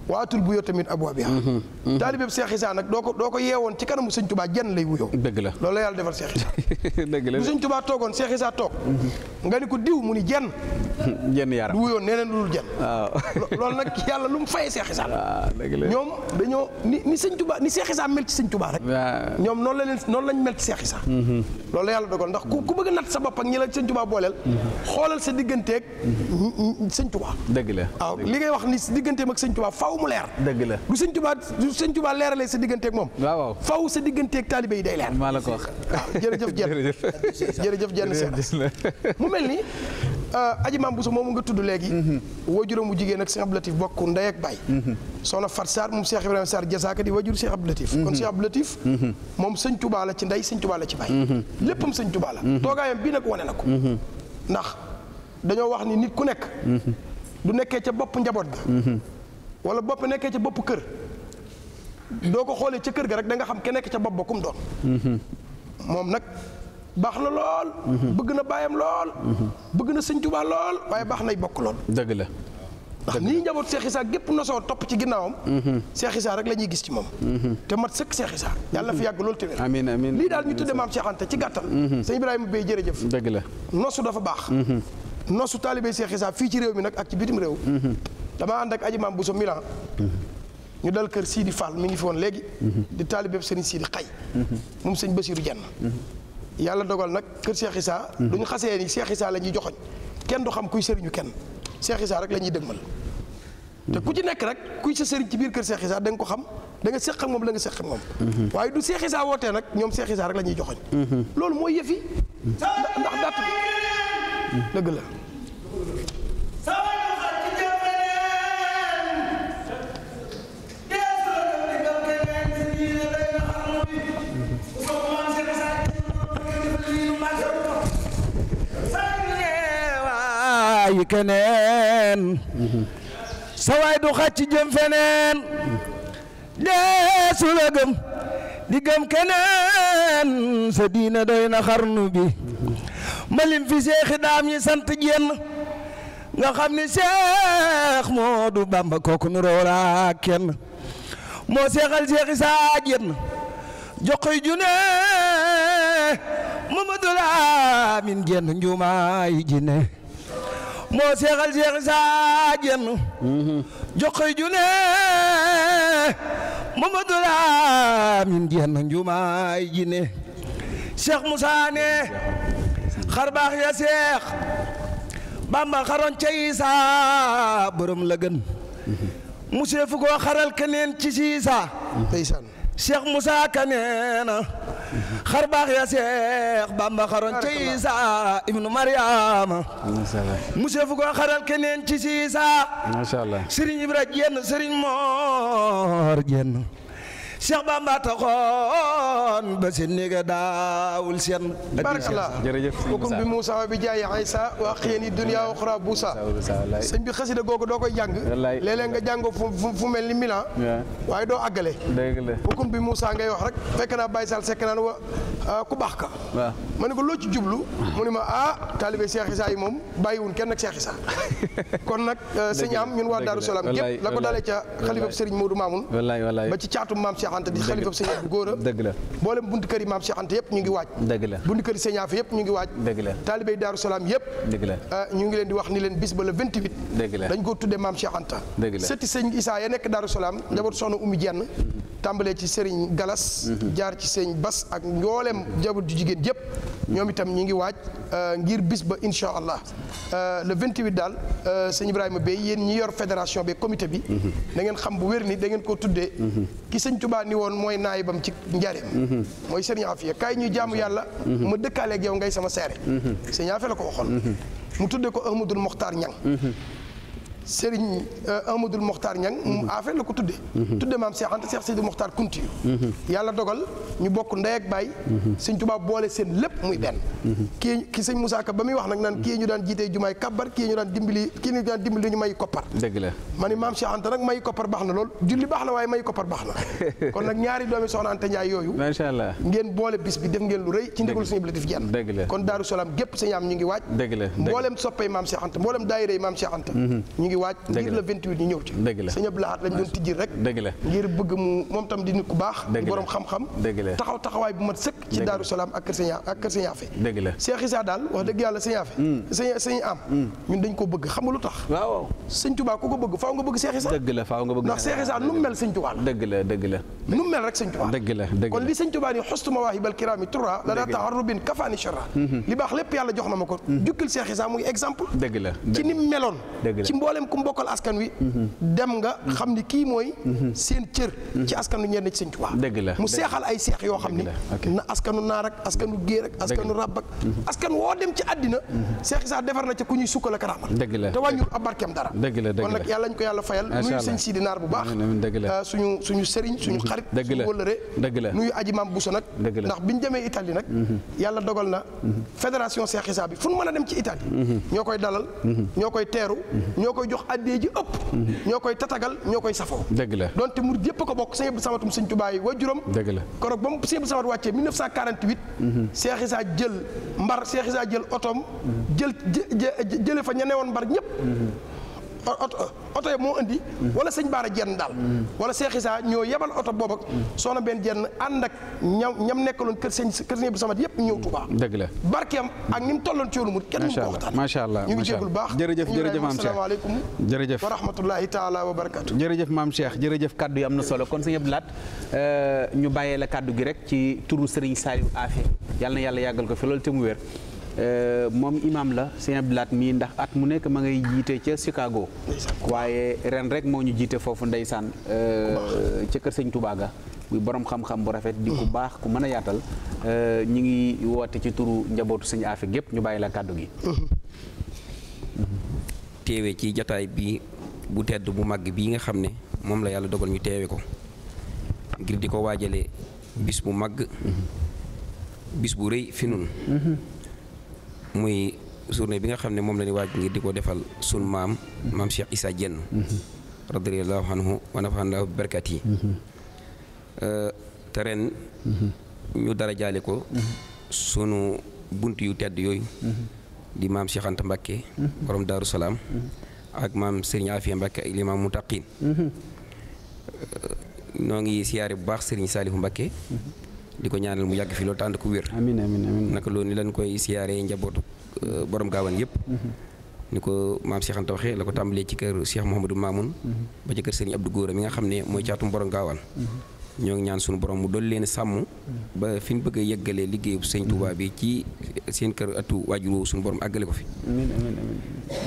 waatul bu yoo tamit abwaa bi mhm, mhm. taalibeeb Seex Isaa nag doo ko doo ko yeewoon ci kanamu Sëñ Tubaa jenn lay wuyoo dëgg la loolu la yàlla defal Seex (laughs) la bu Sëñ Tubaa toogoon Seex Isaa toog mhm. nga ni ko diw mu ni jenn (laughs) jenn yaram du wuyoon neneen lu dul (laughs) loolu nag yàlla lu mu fayee Seex Isaa ah, ñoom dañoo ni ni Sëñ Tubaa ni Seex Isaa mel ci Sëñ ñoom noonu la noonu lañ mel ci Seex Isaa loolu la yàlla dogal ndax ku ku bëgg a natt sa bopp ak ñi la Sëñ Tubaa booleel xoolal sa digganteeg Sëñ Tubaa dëgg la waaw li ngay wax ni digganteem ak Sëñ Tubaa faw mu leer la du sëñ Tuubaa du sëñ sa digganteeg moom waaw waaw faw sa digganteeg taalibe yi day leer maa la ko wax waaw jërëjëf jenn jërëjëf jenn seen mu mel ni euh, aji maam Bousso moomu nga tudd léegi mhm. wajuram mu jigéen ak si Abdou Latif bokk ndey ak baay mhm. soxna Fat Sarr moom Cheikh Ibrahima Sarr jasaaka di wajur Cheikh Abdou Latif kon mhm. Cheikh Abdou Latif moom sëñ Tuubaa la ci ndey sëñ Tuubaa la ci baay léppam sëñ Tuubaa la toogaayam bii nag wane na ko ndax dañoo wax ni nit ku nekk du nekkee ca bopp njaboot ga wala bopp nekkee ca bopp kër doo ko xoolee ca kër gi rek danga xam ke nekk ca bopp ba doon moom nag baax na lool bëgg na baayam lool bëgg na sëñ Tuubaa lool waaye baax nay bokk lool dëgg la ndax nii njaboot Cheikh Issa gépp nosoo topp ci ginnaawam Cheikh mhm. Issa rek la ñuy gis ci moom te mat sëkk Cheikh Issa yàlla na fi yàgg loolu tamit amiin amiin lii daal ñu tudde maam Cheikh Anta ci gàttal mhm. sëñ Ibrahima Bey jërëjëf dëgg la nosu dafa baax mhm. noosu taalibee Seex Isaa fii ci réew mi nag ak ci bitim réew mhm. damaa ànd ak aji maam Bousso Milan mhm. ñu dal kër sii di Fall mi ngi fi woon léegi mhm. di taalibe Sëriñ Sidi Xay moom sëñ Basiiru Jenn yàlla dogal nag kër Seex Isaa du xasee ni Seex Isaa la ñuy joxoñ kenn du xam kuy sëriñu kenn Seex Isaa rek la ñuy dëgmal te ku ci nekk rek kuy sa sëriñ ci biir kër Seex Isaa da nga ko xam da nga seq moom la nga seq moom waaye du Seex Isaa nag ñoom Seex Isaa rek la ñuy joxoñ loolu mooy yëfi ndax dëgg la. du xàcc jëm feneen deesu la gëm di gëm keneen sa diina doy na xarnu bi na lim fi seexi daam ñi sant jenn nga xam ni seex moo du bamba kooku nu roora kenn moo seexal seexi saa jenn joxoy june mamadou moo seexal seexi saa jenn mm-hmm. joxoy june mamadou lamin jenn njuumaay jinne xar baax ya seex bamba xaroon ca Isa borom la gën monsieur fu koo xaral keneen ci siisa Cheikh Moussa kaneena xar baax ya Cheikh Bamba xaroon ci Isa ibnu Mariama monsieur fu koo xaral keneen ci siisa Serigne Ibra jenn Serigne Mor jenn Cheikh Bamba taxoon ba seen néega daawul seen barkala bokkum bi Moussa bi jaay Aïssa wa xiyani dunya wa xura buusa sëñ bi xasida googu doo koy jàng léeg-léeg nga jàngoo fu fu mel ni Milan waaye doo àggale bokkum bi Moussa ngay wax rek fekk naa Baye Sall sekk naan wa ah, ku baax ka ma ne ko loo ci jublu mu ne ma ah taalibe Cheikh Issa yi moom bàyyiwun kenn nag Cheikh Issa (laughs) kon nag euh, sëñ am ñun waa Daaru Salaam gépp la ko dalee ca xalifa Serigne Modou Mamoun ba ci caatum maam Cheikh Cheikh Anta di xalifam sëñ Abdou Góora dëgg la mboolem buntu kër maam Cheikh Anta ñu ngi waaj buntu kër yi sëñ Afi yëpp ñu ngi waaj dëgg la taalibey ah, ñu ngi leen di wax ni leen bis ba le 28 dëgg la dañ ko tuddee maam Cheikh Anta dëgg la sëti nekk Daaru njaboot soxna Oumy Jenn mm-hmm. tàmbalee ci Serigne Galas mm-hmm. jaar ci sëñ Bas ak mbooleem njaboot ju jigéen yëpp ñoom itam ñu ngi waaj ah, ngir bis ba incha allah ah, le 28 daal sëñ Ibrahima Bey yéen ñi yor fédération bi comité bi da mm-hmm. ngeen xam ni da ngeen koo tuddee Touba ni woon mooy ba mu ci njareem mhm. mooy sëriñ Afia kaay ñu jaamu yàlla mhm. ma dëkkaaleeg yow ngay sama seere mhm. sëriñ Afia la ko waxoon mu tuddee ko Ahmadul Moxtaar Ñang Serigne euh, Amadou Mokhtar Niang moom mhm. affaire la ko tudde mhm. tudde maam Cheikh Anta Cheikh Seydou Mokhtar Kountiou mhm. yàlla dogal ñu bokk ndey ak baay sëñ Tuubaa boole seen lépp muy benn kii ki sëñ Moussa Ka ba muy wax nag naan kii ñu daan jiitee jumaay kabbar kii ñu daan dimbali kii ñu daan dimbali ñu may koppar dëgg la ma maam Cheikh nag may koppar baax na lool julli baax na waaye may koppar baax na (laughs) kon nag ñaari doomi soxna Anta Njaay yooyu macha allah ngeen boole bis bi def ngeen ngi waaj ngir la 28 ñu ñëw ci sëñ Abdou Lahad lañ doon tijji rek ngir bëgg mu moom tam di nit ku baax di borom xam-xam taxaw taxawaay bu mat sëkk ci Daaru ak kër sëñ ak daal wax dëgg yàlla sëñ Yaafe hmm. sëñ sëñ am hmm. ñun dañ ko bëgg xam tax waaw sëñ ku ko bëgg faaw nga bëgg Cheikh Issa dëgg la faaw nga bëgg ndax Cheikh Issa nu mel sëñ Tuubaa la dëgg la dëgg la nu mel rek sëñ Tuubaa dëgg la dëgg la kon kafaani shara hmm, li baax lépp yàlla jox na ma ko jukkil Cheikh Issa muy exemple dëgg la ci ni meloon mboolem ku mbokkal askan wi. dem nga xam ni kii mooy. seen cër. ci askan wi ñenn ci Sëñ Tuubaa. dëgg la mu seexal ay seex yoo xam ni. na askanu naar ak askanu géer ak askanu ràbb ak. Mhm. askan woo dem ci àddina. seex Isaa defar na ca ku ñuy sukkal ak raamal. dëgg la te wàññul ab barkeem dara. dëgg la dëgg la yàlla ñu ko yàlla fayal. nuyu sëñ Sidi Naar bu baax. dëgg la euh, suñu suñu sëriñ suñu mhm. xarit. dëgg la suñu wëllëre. dëgg la nuyu aji maam Bousso nag. dëgg la ndax biñ demee Italie nag. Mhm. yàlla dogal na fédération seex Isaa bi fu ñu a dem ci Italie. ñoo jox addee ji ëpp ñoo koy tatagal ñoo koy safoo dëgg la donte murid yépp ko bokk sëñ Abdou Samatum sëñ Tuubaa yi waajuram dëgg la korog ba mu sëñ Abdou Samat wàccee 1948 Cheikh Issa jël mbar seexi saa jël otoom jël jële fa ña newoon mbar ñëpp mhm. oto oto yi moo indi wala sëñ Baara jenn daal wala see Issa ñoo yebal oto boobu ak benn jenn ànd ak ñam ñam nekkaloon kër sëñ kër sëñ bi samat yëpp ñëw Touba dëgg la barkeem ak ni mu tolloon ci yoonu mu kenn mu ko macha allah ñu ngi jégul baax jërëjëf jërëjëf maam Cheikh asalaamaaleykum jërëjëf wa rahmatullahi taala wa barakatu jërëjëf maam Cheikh jërëjëf kaddu yi na solo kon sëñ Abdou laat euh, ñu bàyyee la kaddu gi rek ci turu Serigne Saliou Afé yàlla na yàlla yàggal ko fi loolu te mu wér Euh, moom imam la seen Abdou mii ndax at mu nekk ma ngay jiite ca Chicago waaye ren rek moo ñu jiite foofu ndeysaan euh, ca kër sëñ Touba ga muy borom xam-xam bu rafet di ku mm. baax ku mën a yaatal euh, ñu ngi woote ci turu njabootu sëñ Afe gépp ñu bàyyi la kàddu gi mm-hmm. teewe ci jataay bi bu tedd bu màgg bii nga xam ne moom la yàlla dogal ñu teewe ko ngir di ko waajale bis bu màgg mm-hmm. bis bu rëy fi nun mm-hmm. muy journée bi nga xam ne moom la ñu waaj ngir di ko defal sun maam maam Cheikh Issa Diène mm-hmm. radiyallahu anhu wa nafaanlahu bi barkat yi mm-hmm. euh, te mm-hmm. ñu dara jaale ko sunu bunt yu tedd yooyu di maam Cheikh Anta Mbacke borom Daaru ak maam Serigne Afia Mbacke ak limaam Moutaqin euh, noo ngi siyaare bu baax Serigne Saliou Mbacke di ko ñaanal mu yàgg fi loolu tànd ko wér amiin amiin amiin naka loolu ni lañ koy siyaaree njabootu euh, borom gaawaan yépp mm-hmm. ni ko maam Cheikh waxe la ko tàmbalee ci kër Cheikh Mouhamadou Mamoun mm-hmm. ba ci kër Serigne Abdou Góora mi nga xam ne mooy caatum borom gaawaan mm-hmm. ñoo ngi ñaan suñu borom mu dool leen sàmm ba fi ñu bëgg a liggéey liggéeyu sëñ Touba bi ci seen kër atu waajur suñu borom àggale ko fi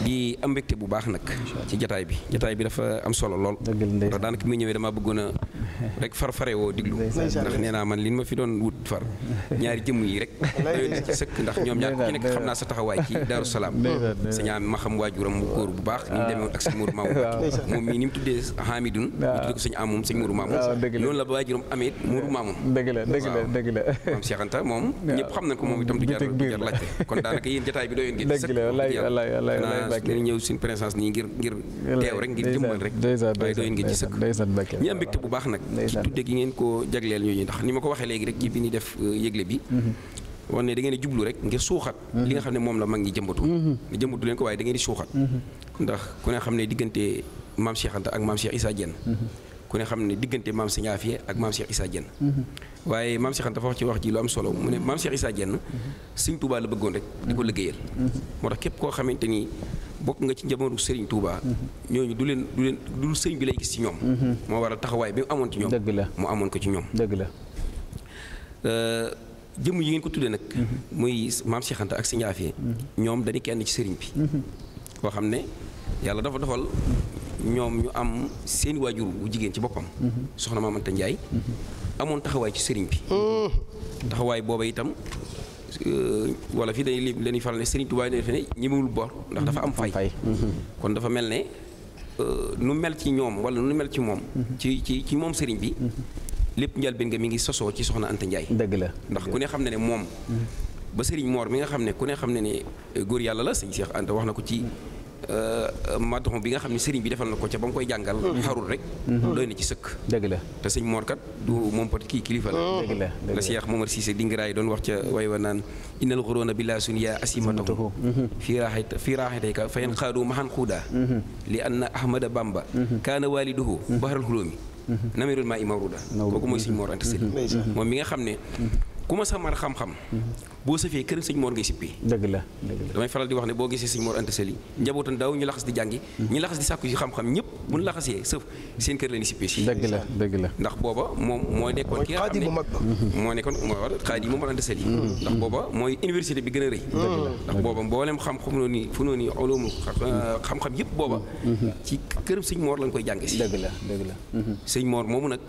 di am mbégte bu baax nag ci jataay bi jataay bi dafa am solo lool ndax rek far fare woo diglu ndax nee naa man li ma fi doon wut far ñaari jëmm yi rek doy ci ndax ñoom ñaar ku ci nekk xam naa sa taxawaay ci Daaru Salaam sañaan ma xam waajuram bu baax ni mu demee ni mu tuddee Hamidoun ñu tuddee ko sëñ Amoum sëñ Mourou Mamoun la waajuram amee Mourou Mamoun dëgg la dëgg la moom (laughs) ñëpp xam nañ ko moom itam du jar du bi doyoon ngeen dëgg la wallaay wallaay nii ngir ngir teew rek ngir sëkk ñu am mbégte bu baax nag ci tudde gi ngeen ko jagleel ñooñu ndax ni ma ko waxee léegi rek ci bi ñuy def euh, yëgle bi mhm. wax ne dangeen ngeen di jublu rek ngir suuxat mhm. li nga xam ne moom la mag ngi jëmbatu mhm. jëmbatu leen ko waaye da ngeen di suuxat ndax ku ne xam ne diggante maam Cheikh Anta ak maam Cheikh Issa Diène ku ne xam ne diggante maam Serigne Afia ak maam Cheikh Issa Diène waaye maam Cheikh Anta dafa wax ci wax ji lu am solo mu ne maam Cheikh Issa Diène Serigne Touba la bëggoon rek di ko liggéeyal moo tax képp koo xamante ni bokk nga ci njabootu Serigne Touba. Mhm. ñooñu du leen du leen du sëriñ bi lay gis ci ñoom. Mhm. moo waral taxawaay bi mu amoon ci ñoom. dëgg la mu amoon ko ñoom. dëgg la. Euh, jëmm yi ngeen ko tuddee nag. Mhm. muy maam Cheikh ak Serigne Afia. ñoom dañu kenn ci sëriñ bi. xam ne yàlla dafa doxal ñoom ñu am seeni waajur bu jigéen ci boppam. soxna maam Anta Ndiaye. amoon taxawaay ci sëriñ bi. taxawaay booba itam. Euh, wala fii dañuy dañuy faral ne Serigne Touba dañuy defe ne ñemewul bor ndax dafa am fay mhm. kon dafa mel ne euh, nu mel ci ñoom wala nu mel ci moom mhm. ci ci ci moom sëriñ bi mhm. lépp njëlbéen nga mi ngi sosoo ci soxna Anta Ndiaye dëgg la ndax ku ne xam ne ne moom ba sëriñ moor mi nga xam ne ku ne xam ne ne góor yàlla la sëñ Cheikh Anta wax na ko ci Euh, madron bi nga xam ne sëriñ bi defal na ko ca ba mu koy jàngal mm-hmm. xarul rek mm-hmm. doy na ci sëkk dëgg la te sëñ Mor kat du moom peut-être kii kilifa mm-hmm. la dëgg la la a Momar Cissé dingiraay doon wax ca way wa naan innal xuróona bi laa sun yaa asimatahu fii raaxat fii raaxatayka fayan xaadu maxan xuudaa li anna ahmada bamba kaana waaliduhu baxaral xulóomi namirul maa i mawruda kooku mooy sëñ Mor Anta moom mi nga xam ne ku ma samar xam-xam boo sëfee kër sëñ Mor ngay sippi dëgg la dëgg la damay faral di wax ne boo gisee sëñ Mor Anta Sali njabootam ñu laxas di jàngi hmm. ñu laxas di sàkku ci xam-xam ñëpp bu ñu laxasee sëf seen kër la ni sippi si dëgg la dëgg la ndax booba moom mooy nekkoon ki nga xam hmm. moo nekkoon mooy war xaadi mu Mor Anta Sali hmm. ndax bi gën a rëy ndax booba mboolem xam fu noo ni fu noo ni ulum xam-xam yëpp booba ci këram sëñ Mor lañ koy jàng si dëgg la dëgg la sëñ Mor moomu nag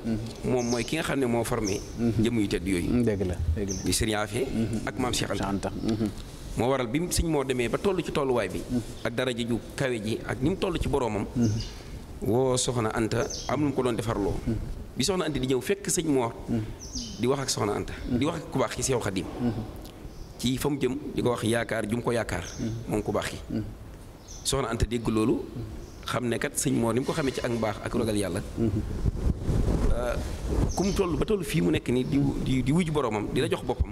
moom mooy ki nga xam ne moo formé jëm yu tedd yooyu dëgg la dëgg la di sëriñ Afee maam Cheikh Anta mhm. moo waral bi sëñ moo demee ba toll ci tolluwaay bi mhm. ak daraja ju kawe ji ak ni mu toll ci boroomam mhm. woo soxna Anta am lu mu ko doon defarloo bi soxna Anta di ñëw fekk sëñ moo di wax ak soxna Anta di wax ak ku baax ki Seex fa mu jëm di ko wax yaakaar ju ko yaakaar moom ku baax ki soxna Anta dégg loolu xam ne kat sëñ moo ni mu ko xamee ci ak mbaax ak ragal yàlla euh, ku mu ba toll fii mu nekk nii di di di boroomam di jox boppam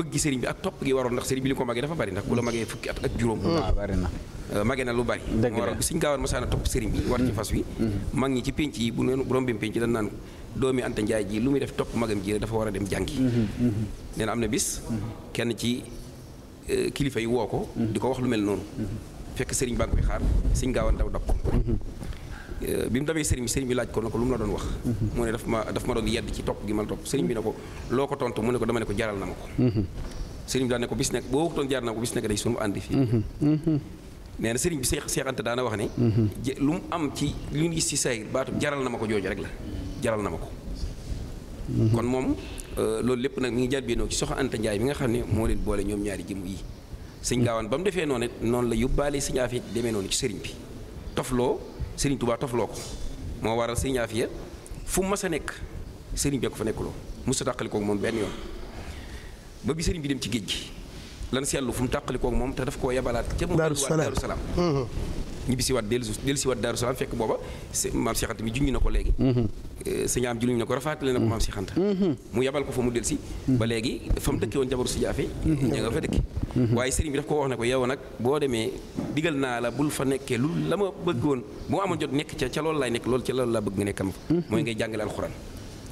bëgg sëriñ bi ak topp gi waroon ndax sëriñ bi li ko magee dafa bari ndax ku la magee fukki ak juróom hmm. ah, bari na euh, magee na lu bari waral suñ gaawoon masaana topp sëriñ bi war ci hmm. fas wi hmm. mag ñi ci pénc yi bu neen borom bi pénc dañ naan doomi Anta Njaay ji lu muy def topp magam ji dafa war a dem jàngi nee am na bis kenn ci euh, kilifa yi woo ko di ko wax lu mel noonu fekk sëriñ baa ngi koy xaar suñ gaawoon daw dab ko bi mu demee sëriñ bi sëriñ bi laaj ko na ko lu mu la doon wax mhm. mu ne daf ma daf ma doon yedd ci topp gi ma la topp sëriñ bi ne ko loo ko tontu mu ne ko dama ne ko jaral na ma ko mhm. sëriñ bi ne ko bis nekk boo ko doon na ma ko bis nekk day sunu àndi fii mhm. nee na sëriñ bi Seex am ci lu ñu gis ci say baatu na ma ko jooju rek la jaral na ma ko kon moom euh, loolu lépp nag mi ngi jar biinoo ci soxna Anta Ndiaye mi nga xam ne moo leen boole ñoom ñaari jëmm yi sëñ gaawaan ba mu defee noonu noonu la yóbbaale sëñ Afia demee noonu ci sëriñ bi tofloo Serigne Touba tofloo ko moo waral Serigne Afia fu mu mas nekk Serigne bee ko fa nekkuloo mos a tàqalikoog moom benn yoon ba bi Serigne bi dem ci géej gi lan seetlu fu mu tàqalikoog moom te daf koo yabalaat ca mu Daaru Salaam mm-hmm. ñibbisiwaat dellu dellusiwaat Daaru Salaam fekk booba maam Cheikh Anta mi junj na ko léegi mm-hmm. eh, sëñ am julluñu na ko rafaatale na ko mm-hmm. maam Cheikh Anta mu yabal ko fa mu delsi ba léegi fa mu dëkke woon jabaru si jaafe ña nga Mm-hmm. waaye sëriñ bi daf ko wax ne ko yow nag boo demee digal naa la bul fa nekkee lu la ma bëggoon boo amoon jot nekk ca ca loolu laay nekk loolu ca loolu laa bëgg nga nekkam fa mm-hmm. mooy ngay jàngale alxuraan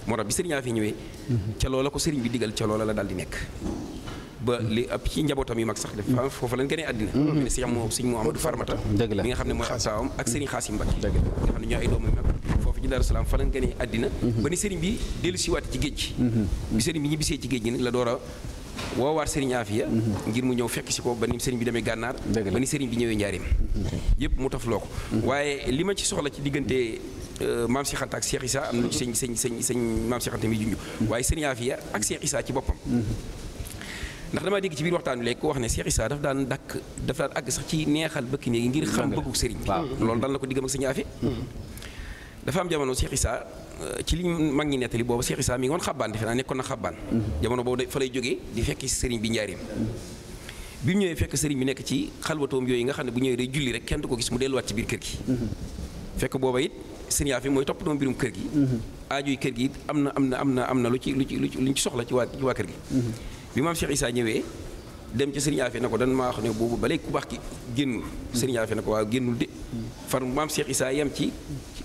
moo tax bi sëriñ aa fi ñëwee mm-hmm. ca loola ko sëriñ bi digal ca loola la daal di nekk ba li ab ci njabootam yu mag sax dafa foofu lañ gënee àddina mu ne sëriñ moo sëriñ Mouhamadou Farmata mi nga xam ne mooy ab taawam ak sëriñ Xaasim Mbakke nga xam ne ñoo ay doomam foofu ci Daaru Salaam fa lañ gënee àddina ba ni sëriñ bi dellu siwaat ci géej gi bi sëriñ bi ñibbisee ci géej gi nag la door woowaat Serigne Afia mhm. ngir mu ñëw fekk si ko ba ni Serigne bi demee gànnaar ba ni Serigne bi ñëwee njaarim mhm. yëpp mu taf loo ko mhm. waaye li ma ci soxla ci diggante euh, maam Cheikh ak Cheikh Issa ci sëñ sëñ sëñ sëñ maam Cheikh mi waaye Serigne Afia ak Cheikh Issa ci boppam ndax dama dégg ci biir waxtaan bi léegi wax ne Cheikh Issa daf daan dakk daf daan àgg sax ci neexal bëkki néegi ngir xam bëggu Serigne bi loolu daan la ko diggam ak Serigne ci li mag ñi nettali boobu Cheikh Issa mi ngi woon xabbaan defe naa nekkoon na xabbaan mm-hmm. jamono boobu fa lay jógee di fekki bi njaarim mm-hmm. bi ñëwee fekk sëriñ bi nekk ci xalwatoom yooyu nga xam ne bu ñëwee day julli rek kenn du ko gis mu delluwaat ci mm-hmm. fekk booba it sëriñ yaa fi mooy toppatoo kër gi aajo yi kër gi am na am na am na am na lu ci lu ci lu ci soxla ci waa ci waa kër gi bi maam dem ci sëriñ na ko dan maa wax ne boobu ba léegi ku baax ki génnul sëriñ na ko waaw génnul de far maam Cheikh Issa yem ci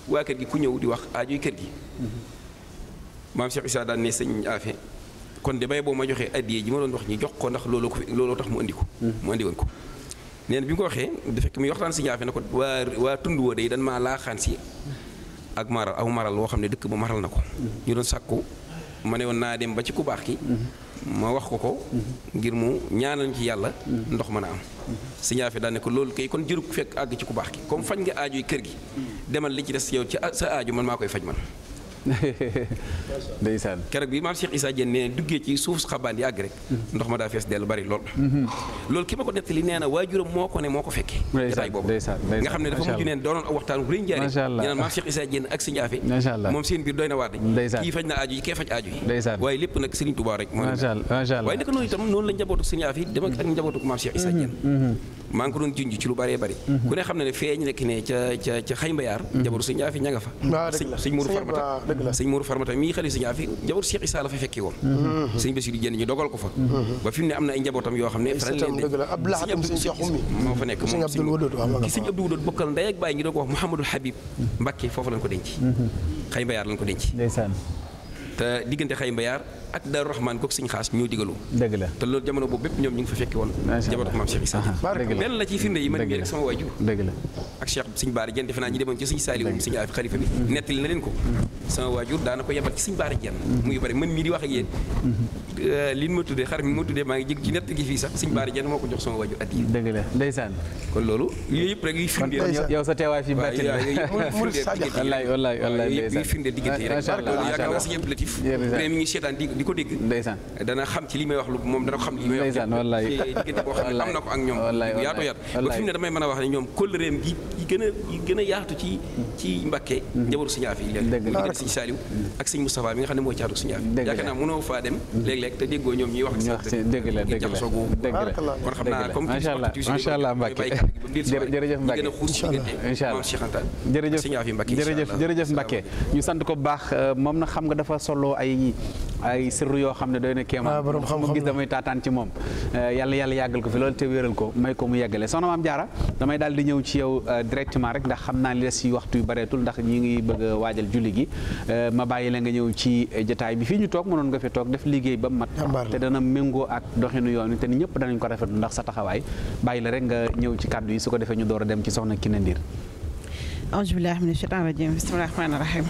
waa kër gi ku ñëw di wax aajuy kër gi maam Cheikh Issa daan ne sëñ Afe kon de bay boo ma joxee addiyee ji ma doon wax ñi jox ko ndax looloo ko looloo tax mu indi ko mm-hmm. mu indi woon ko nee na bi mu ko waxee da fekk muy waxtaan sëñ Afe na ko waa waa tund woo yi dan maa laaxaan si ak maral aw maral woo xam ne dëkk ba maral na ko mm-hmm. ñu doon sàkku ma ne woon naa dem ba ci ku baax ki mm-hmm. ma wax ko ko ngir mu ñaanal ci yàlla ndox mën a am si ñaa fi daane ko loolu kay kon jëruk fekk àgg ci ku baax ki comme fañ nga aajo yi kër gi demal li ci des yow ci sa aajo man maa koy faj man (laughs) ndeysaan keroog bi maam Cheikh Issa Dieng duggee ci suuf xabaan yi àgg rek ndox ma daa fees dellu bari lool mhm. loolu ki ma ko nettali nee na waajuram moo ko ne moo ko fekkee nga xam ne dafa mujj neen doonoon aw waxtaan bu rëy njaare ñu maam Cheikh Issa ak sëñ moom seen biir doy na waar de kii faj na aaju yi kee faj aaju yi waaye lépp nag Serigne Touba rek moo waaye naka noonu itam noonu la njabootu sëñ Afe dem mhm. njabootu maam Cheikh Issa mhm, maa ngi ko doon junj ci lu bëree bëri mhm. ku ne xam ne ne feeñ nekk ne ca ca ca xañ mbayaar mhm. jabaru sëñ fa sëñ Mourou Farmata sëñ Mourou Farmata mii xali sëñ Aafi jabaru Cheikh Issa la fa fekki woon mhm. sëñ Bassirou Dieng ñu dogal ko fa ba fi mu ne am na ay njabootam yoo xam ne faral leen moo fa nekk moom ki sëñ Abdou Wadoud bokkal ndey bàyyi ñu doog wax Mouhamadou Habib Mbacké foofu lañ ko denc xañ mbayaar lañ ko denc te diggante xay mbayaar ak Daaru Rahmaan kook sëñ xaas ñoo digaloo dëgg la te loolu jamono boobu bépp ñoom ñu ngi fa fekki woon jamono maam man ñu demoon ci sëñ Saaliw sëñ Aafi xalifa bi mm-hmm. nettali na leen ko mm-hmm. sama waajur daana ko yebal ci sëñ Baara Jeen mm-hmm. muy bari man mii di wax ak Euh, li ma tuddee xar mi ma tuddee maa ngi jig ci nett gi fii sax sëñ Baara Dieng moo ko jox sama waju at yi dëgg la ndeysaan kon loolu yooyu yëpp rek yaat ba fi ne damay mën a wax ne ñoom kóllëreem gi yi gën a a yaatu ci ci Mbàkke mhm. njabootu yi ak nga xam ne mooy caatu sëñ Afi yaakaar faa dem mhm. léeg-léeg nekk te déggoo ñoom ñuy wax. ñu wax si dëgg la dëgg la dëgg la kon xam naa comme macha allah macha allah Mbacke jërëjëf Mbacke incha allah jërëjëf jërëjëf ñu sant ko baax euh, moom na xam nga dafa solo ay ay sirru yoo xam ne doy na kéema ah, mu gis damay taataan ci euh, ko fi loolu te wéeral ko may ko mu yàggale soxna maam jaara damay daal di ñëw ci yow euh, directement rek ndax xam naa li des ci waxtu yu bareetul ndax ñi ngi bëgg a waajal julli gi ma bàyyi la nga ñëw ci jotaay bi fii ñu toog mënoon nga fi toog def liggéey ba mat te dana méngoo ak doxinu yoon wi te ni ñëpp danañ ko rafetlu ndax sa taxawaay bàyyi la rek nga ñëw ci kàddu yi su ko defee ñu door a dem ci soxna Kiné Ndir aousubillahi mina sheytaan rajim bismillahi rahmaani rahim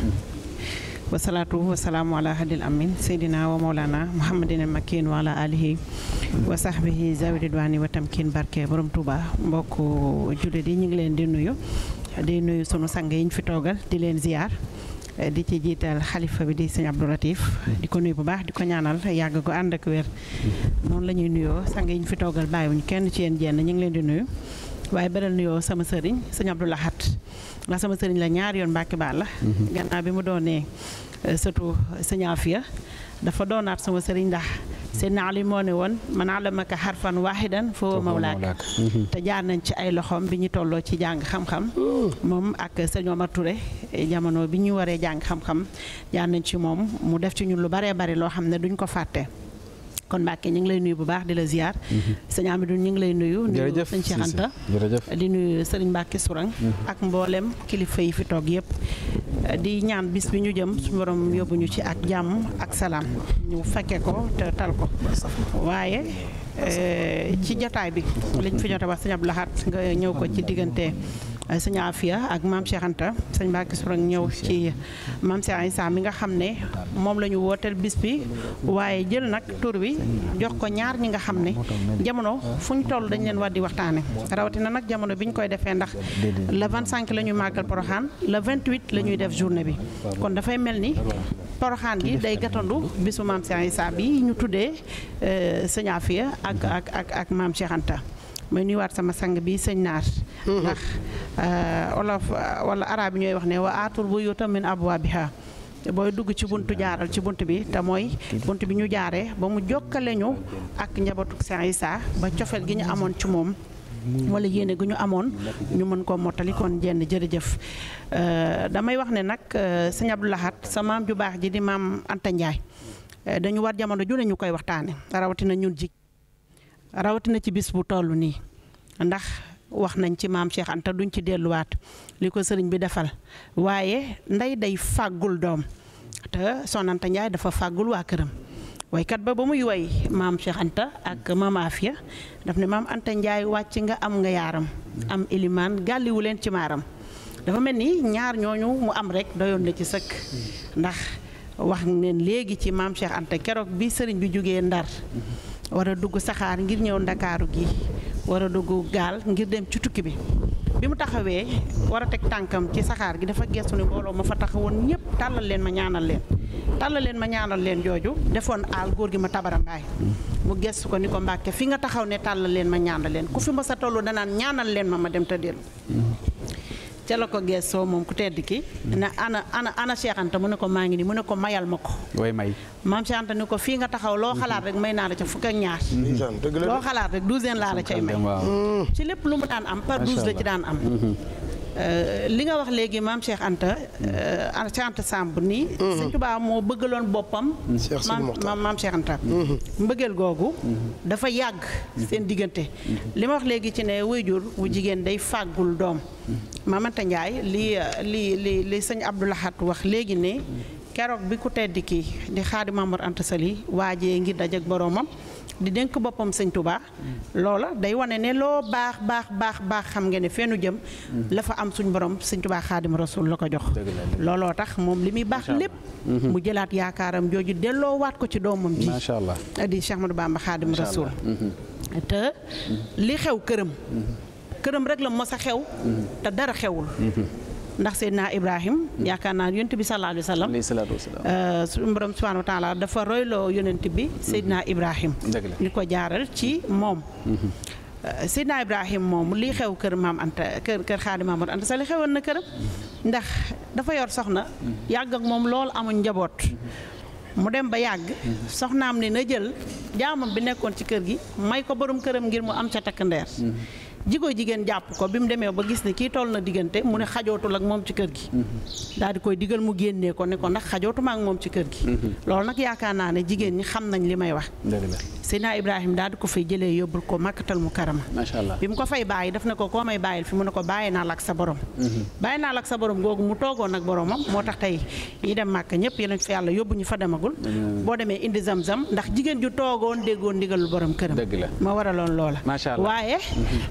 wasalaatu wasalaamu ala hadil amin seydina wa mawlana muhammadin al makin wa ala alihi wa sahbihi zawi ridwani wa tamkin barke boroom Touba mbokk jullit yi ñu ngi leen di nuyu di nuyu sunu sang yi fi toogal di leen ziar Eh, di ci jiital xalifa bi di sëñ Abdou Latif mm. di ko nuyu bu baax di ko ñaanal yàgg ko ànd ak wér mm. noonu la ñuy nuyoo sang yi ñu fi toogal bàyyiwuñ kenn ci yéen jenn ñu ngi leen di nuyu waaye beneen nuyoo sama sëriñ sëñ Abdou laxat ndax sama sëriñ la ñaari yoon Mbàkke Baal la mm-hmm. gannaaw bi mu doonee eh, surtout sëñ Afia dafa doonaat sama sëriñ ndax Seydina Ali moo ne woon man allamaka harfan waahidan fa huwa mawlaak mhm. te jaar nañ ci ay loxoom bi ñu tolloo ci jàng xam-xam moom ak sëñoo Omar Touré eh, jamono bi ñuy waree jàng xam-xam jaar nañ ci moom mu def ci ñun lu baree bari loo xam ne duñ ko fàtte kon Mbacke ñu ngi lay nuyu bu baax di la ziar. Mm-hmm. sëñ Amidou ñu ngi lay nuyu. jërëjëf nuyu sëñ Cheikh Anta di nuyu Serigne Mbacke suran mm-hmm. ak mboolem kilifa yi fi toog yëpp. di ñaan bis bi ñu jëm su borom yóbbu ñu ci ak jàmm ak salaam ñu fekke ko te tal ko waaye eh, ci jotaay bi liñ fi jot a wax sëñ nga ñëw ko ci diggante. Euh, sëñ Afia ak maam Cheikh Anta sëñ Mbacke Sourang ñëw ci maam Cheikh Issa mi nga xam ne moom la ñu wooteel bis bi waaye jël nag tur bi jox ko ñaar ñi nga xam ne jamono fu ñu toll dañ leen war di waxtaane rawatina nag jamono bi ñu koy defee ndax le 25 la ñuy màggal Poroxaan le 28 la lañuy def journée bi kon dafay mel ni Poroxaan gi day gàttandu bisu maam Cheikh ñu tuddee euh, sëñ Afia ak ak ak ak maam may nuyuwaat sama sang bi sëñ naar mm-hmm. ndax euh, olof euh, wala arab yi ñooy wax ne wa aatul buyuuta bi abwaabiha booy dugg ci buntu jaaral ci bunt bi te mooy bunt bi ñu jaaree ba mu jokkalee ñu ak njabootu Cheikh ba cofeel gi ñu amoon ci moom wala yéene gu ñu amoon ñu mën koo mottali kon jenn jërëjëf euh, damay wax ne nag sëñ Abdou Lahad sa maam ju baax ji di maam Anta dañu war jamono ju ne ñu koy waxtaane rawatina ñun ji rawatina ci bis bu toll nii ndax wax nañ ci maam Cheikh Anta duñ ci delluwaat li ko sëriñ bi defal waaye ndey day fàggul doom te sonanta Njaay dafa fàggul waa këram woykat ba ba muy way maam Cheikh Anta ak maam Afia daf ne maam Anta Njaay wàcc nga am nga yaaram am ilimaan gàlliwu leen ci maaram dafa mel ni ñaar ñooñu mu am rek doyoon na ci sëkk ndax wax neen léegi ci maam Cheikh Anta keroog bi sëriñ bi jógee Ndar war a dugg saxaar ngir ñëw ndakaaru gi war a dugg gaal ngir dem ci tukki bi bi mu taxawee war a teg tànkam ci saxaar gi dafa gestu ni mbooloo ma fa taxawoon ñëpp tàllal leen ma ñaanal leen tàllal leen ma ñaanal leen jooju defoon aal góor gi ma tabara mbaay mu gestu ko ni ko mbàkke fi nga taxaw ne tàllal leen ma ñaanal leen ku fi ma sa tollu danaan ñaanal leen ma ma dem te dellu ca la ko geesoo moom ku tedd ki mm. ne ana ana ana Cheikh Anta mu ne ko maa ngi nii mu ne ko mayal ma ko way may maam Cheikh ni ko fii nga taxaw loo xalaat mm-hmm. rek may naa la ca fukk ak ñaar mm-hmm. loo xalaat rek douzaine laa la cay may mm. ci lépp lu mu daan am par douze la ci daan am mm-hmm. Euh, li nga wax léegi maam Cheikh Anta. Euh, Cheikh Anta Samb nii. Mhm. Sëñ Tuubaa moo bëggaloon boppam. maam maam Cheikh Anta. Mhm. mbëggeel googu. Mhm. dafa yàgg seen diggante. li ma wax léegi ci ne wayjur wu jigéen day fàggul doom. Mamanta Ndiaye li li li li sëñ Abdou wax léegi ne. keroog bi ku tedd kii di Xaadi Maamor Anta Sali waajee ngir daj ak boroomam. di dénk boppam sëñ Touba loola day wane ne loo baax baax baax baax xam nga ne feenu jëm mm-hmm. la fa am suñ borom sëñ Touba xaadim rasul la ko jox looloo tax moom li muy baax lépp mm-hmm. mu jëlaat yaakaaram jooju delloo waat ko ci doomam ji macha allah di Cheikh Ahmadou Bamba xaadim rasul mm-hmm. te li xew këram këram rek la mos a xew te dara xewul ndax Seydina Ibrahim hmm. yaakaar naa yonent bi sallallahu alayhi wa sallam euh, suñu borom subhanahu wa taala dafa royloo yonent bi hmm. Seydina Ibrahim ñu ko jaaral ci moom hmm. euh, Seydina Ibrahim moom lii xew kër maam Anta kër kër xaadi maam Anta Sali xewoon na këram ndax dafa yor soxna yàgg ak moom loolu amuñ njaboot mu dem ba yàgg soxnaam ni na jël jaamam bi nekkoon ci kër gi may ko borom këram ngir mu am ca takk ndeer jigoo jigéen jàpp ko bi mu demee ba gis ne kii toll na diggante mu ne xajootul ak moom ci kër gi mhm. daal di koy digal mu génnee ko ne ko ndax xajootuma moom ci kër gi mhm. loolu nag yaakaar naa ne jigéen ñi xam nañ li may wax Seydina Ibrahima daal di ko fay jëlee yóbbul ko màkkatal mu karama macha allah bi mu ko fay bàyyi daf ne ko koo may bàyyil fi mu ne ko bàyyi naa la sa borom mhm. bàyyi naa la ak sa borom googu mu toogoon ak boromam moo tax tey ñi dem màkk ñëpp yeneen fi yàlla yóbbu ñu fa demagul boo demee indi zam-zam ndax jigéen ju toogoon déggoon ndigalul borom këram ma waraloon loola waaye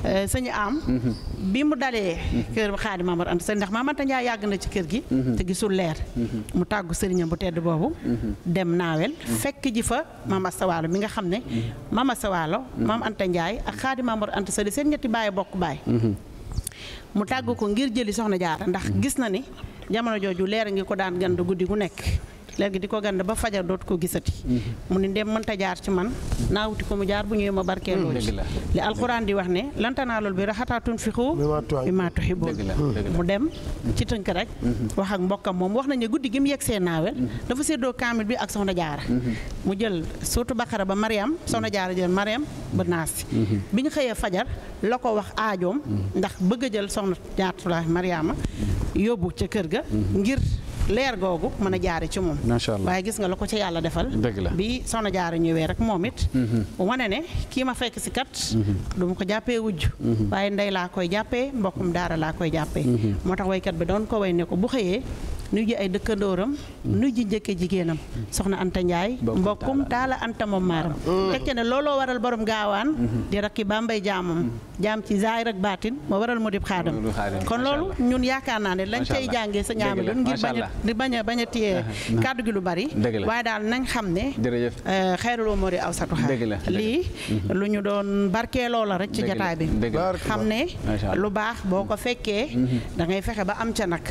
eh, Euh, sëñ am mhm. bi mu dalee mhm. kër xaadi Maamar Anta Sali ndax Maam Anta Njaay yàgg na ci kër gi mhm. te gisul leer mu tàggu sëriñam bu tedd boobu dem naawel fekk ji fa Maam Asta Waalo mi nga xam ne Maam Asta Waalo Maam Anta Njaay ak xaadi Maamar Anta Sali seen ñetti baay bokk baay mu tàgg ko ngir jëli soxna jaara ndax gis na ni jamono jooju leer ngi ko daan gand guddi gu nekk léegi di ko gànd ba fajar dootu ko gisati mm-hmm. mu ni ndem mënta jaar ci man naa wuti ko mu jaar bu ñëwee ma barkeeloo mm, ci li alxuraan di wax ne lantanaa loolu bi raxataatun fixu bi maa tuxi boobu mu dem mm-hmm. ci tënk rek mm-hmm. wax ak mbokkam moom wax nañu guddi gi mu yegg see naawel dafa séddoo kaamil bi ak soxna jaara mu jël surtout baqara ba mariam soxna jaara jël mariam ba naasi bi ñu xëyee fajar la ko wax aajoom ndax bëgg a jël soxna jaartulaay mariama yóbbu ca kër ga leer googu mën a jaare ci moom macha allah waaye gis nga la ko ca yàlla defal dëgg la bi soxna jaara ñëwee rek moom it mhm. wane ne kii ma fekk si kat mhm. du ko jàppee wujj mhm. waaye ndey laa koy jàppee mbokkum daara laa koy jàppee moo tax waykat bi doon ko way ne ko bu xëyee nuy ji ay dëkkandooram nuy ji njëkke jigéenam soxna Anta Ndiaye mbokkum taala Anta moom maaram teg ca ne looloo waral borom gaawaan di rakki bambay jaamam jaam ci zaahir ak baatin moo waral mu dib xaadam kon loolu ñun yaakaar naa ne lañ cay jàngee sa ñaami ngir bañ di bañ a bañ a téye kàddu gi lu bari waaye daal nañ xam ne eh, xayrul umuri awsatuha lii mhm. lu ñu doon barkeeloo la rek ci jataay bi xam ne lu baax boo ko fekkee mhm. da fexe ba am ca nag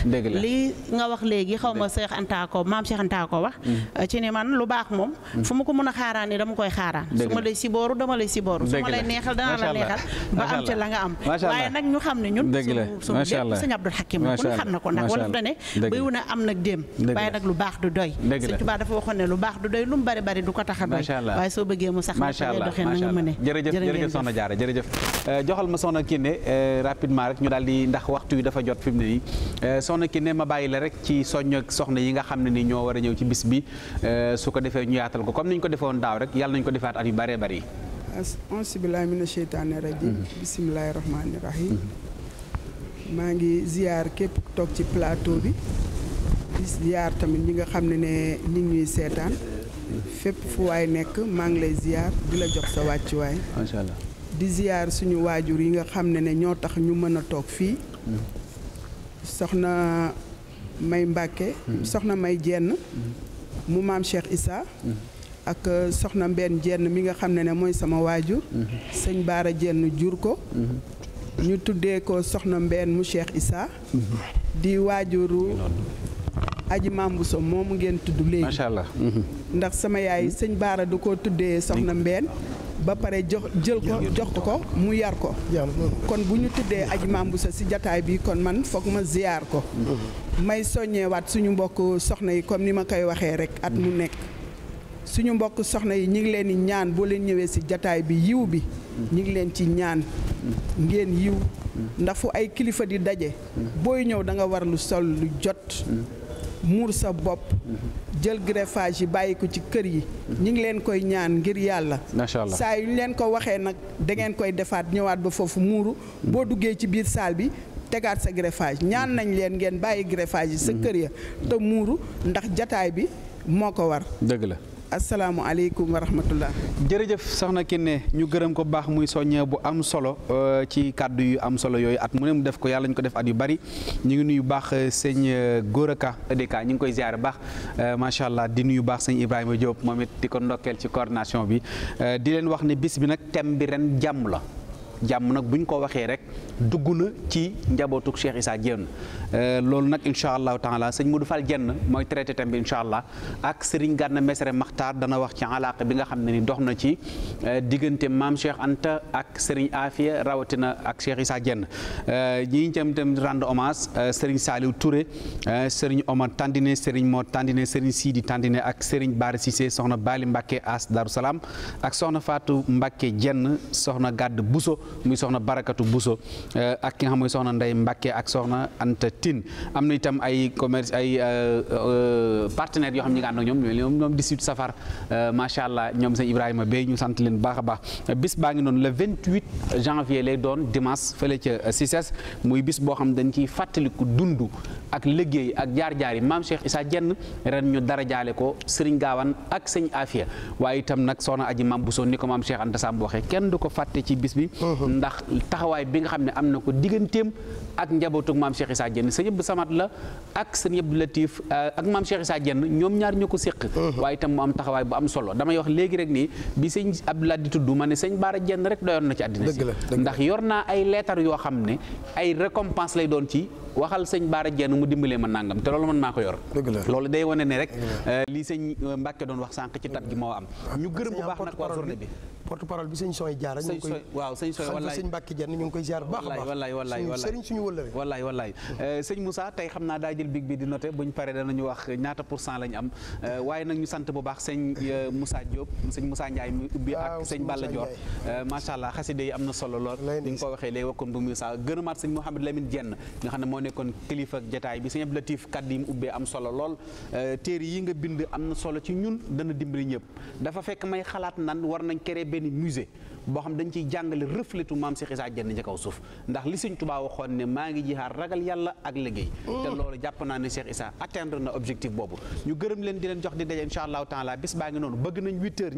lii nga wax léegi xaw ma Cheikh Anta ko maam Cheikh Anta ko wax mhm. eh, ci ni man lu baax moom fu ma ko mën a xaaraan dama koy xaaraan su ma lay sibooru dama lay sibooru su ma ba am ca la nga am waaye nag ñu xam ne ñun suñu suñu Abdul Hakim la ku xam na ko ndax wala dane bay wun a am na ak déem waaye nag lu baax du doy Sëñ Tuubaa dafa a eh, joxal ma soxna Kiné yi eh, dafa jot fi mu ne nii eh, soxna Kiné ma bàyyi la rek ci soññ ak soxna yi nga xam ne ni ñoo war a ñëw ci bis bi su ko defee ñu yaatal ko comme niñ ko defoon daaw yàlla nañ ko defaat at yu bëree bëri auzu maa ngi ziyaar képp toog ci plateau bi di ziar tamit ñi nga xam ne ne ñi ngi ñuy seetaan fépp fu waay nekk maa ngi lay ziar di la jox sa wàccuwaay. macha di ziar suñu waajur yi nga xam ne ne ñoo tax ñu mën a toog fii. Hmm. soxna May Mbàkke hmm. soxna May Jenn. Hmm. mu maam Cheikh Issa. ak euh, soxna Mbène Jenn mi nga xam ne ne mooy sama waajur. sëñ Baara Jenn jur ko. ñu tuddee ko soxna Mbène mu Cheikh Issa. di waajuru. aji maam Bousso moomu ngeen tudd léegi. macha allah. Mm-hmm. ndax sama yaay sëñ Baara du ko tuddee soxna Mbeen. ba pare jox jël ko jox ko mu yar ko. kon bu ñu tuddee aji maam Bousso si jataay bi kon man foog ma ziyaar ko. Mm-hmm. may soññeewaat suñu mbokk soxna yi comme ni ma koy waxee rek at mu mm-hmm. nekk. suñu mbokk soxna yi ñu ngi leen di ñaan boo leen ñëwee si jataay bi yiw bi. ñu ngi leen ci ñaan. ngeen yiw. ndax fu ay kilifa di daje. booy ñëw danga war lu sol lu jot. muur sa bopp jël greffage yi bàyyi ko ci kër yi ñu ngi leen koy ñaan ngir yàlla macha saa yu ñu leen ko waxee nag da ngeen koy defaat ñëwaat ba foofu muuru boo duggee ci biir saal bi tegaat sa greffage ñaan nañ leen ngeen bàyyi greffage yi sa kër ya te muuru ndax jataay bi moo ko war dëgg la asalaamualeykum wa rahmatullah jërëjëf soxna Kiné ñu gërëm ko baax muy soññee bu am solo euh, ci kàddu yu am solo yooyu at mu ne mu def ko yàlla ñu ko def at yu bari ñu ngi nuyu baax euh, sëñ euh, Goraka EDK ñu ngi koy ziare baax macha allah di nuyu baax sëñ Ibrahima Diop moom it di ko ndokkeel ci coordination bi di leen wax ni bis bi nag thème bi ren jàmm la. jàmm nag bu ñu ko waxee rek dugg na ci njabootuk Cheikh Issa Diène euh, loolu nag incha allahu taala sëñ Modou Fall Diène mooy traité tam bi incha allah ak Serigne Gana Messere Makhtar dana wax ci alaaka bi nga xam ne ni dox na ci euh, diggante maam Cheikh Anta ak Serigne Afia rawatina ak Cheikh Issa Diène euh, ñi tam tam rendre hommage Serigne Saliou Touré Serigne Omar Serigne Mor Tandine Serigne Sidi Tandine ak Serigne Bara Cissé soxna Bali Mbacke As Darou Salaam ak soxna faatu Mbacke jenn soxna gàdd buso muy soxna Barakatu Bousso eh, ak ki nga xam mooy soxna Ndey Mbàkke ak soxna Anta Tine am na itam ay commerce ay eh, eh, partenaires yoo xam ñi nga ànd ak ñoom ñoom 18 safar macha allah ñoom sëñ Ibrahima bee ñu sant leen baax a baax bis baa ngi noonu le 28 janvier lay doon dimanche fële ca CICES muy bis boo xam dañ ciy fàttaliku dundu ak liggéey ak jaar jaari mam maam Cheikh Issa Dieng ren ñu dara jaale ko Serigne gaawaan ak sëñ Afia waaye itam nag soxna aji maam Bousso ni ko maam Cheikh Anta Samb waxee kenn du ko fàtte ci bis bi ndax taxawaay bi nga xam ne am na ko digganteem ak njabootug maam Cheikh Issa Diène sëñ Abdou Samad la ak sëñ Abdou Latif euh, ak maam Cheikh Issa Diène ñoom ñaar ñoo ko séq uh-huh. waaye itam mu am taxawaay bu am solo damay wax léegi rek nii bi sëñ Abdoulaye di tudd ma ne sëñ Baara Diène rek doyoon na ci àddina si ndax yor naa ay leetar yoo xam ne ay récompense lay doon ci waxal sëñ Baara Jenn mu dimbalee ma nangam te loolu man maa ko yor loolu day wane ne rek euh, lii sëñ euh, Mbàkke doon wax sànq ci tab gi moo am ah, ñu gërëm bu baax nag waa journée bi bi sëñ Sooy Jaara ñu ngi koy waaw sëñ Sooy Jenn ñu ngi koy ziar bu baax a baax wallaay wallaay wallaay sëriñ suñu wëllëre wallaay wallaay euh, xam naa daa jël big bi di noté buñ paree danañu wax ñaata pour cent lañ am waaye nag ñu sant bu baax sañ Moussa Diop sañ Moussa Ndiaye mu ubbi ak sëñ Balla Dior macha allah xaside yi am na solo lool ni nga ko waxee léegi wakkoon bu Moussa gërëmaat sëñ Mouhamed Lamine Jenn nekkoon kilifa jataay bi sëñ Abdou Latif kàddu yi mu ubbee am solo lool euh, téere yi nga bind am na solo ci ñun dana dimbali ñëpp dafa fekk may xalaat nan war nañ créer benn musée boo xam dañ ciy jàngale reflétu maam Cheikh Issa Dienne ci kaw suuf ndax li Sëñ Tuubaa waxoon mm. di leen jox di daje incha allahu taala bis baa ngi noonu bëgg nañ huit heures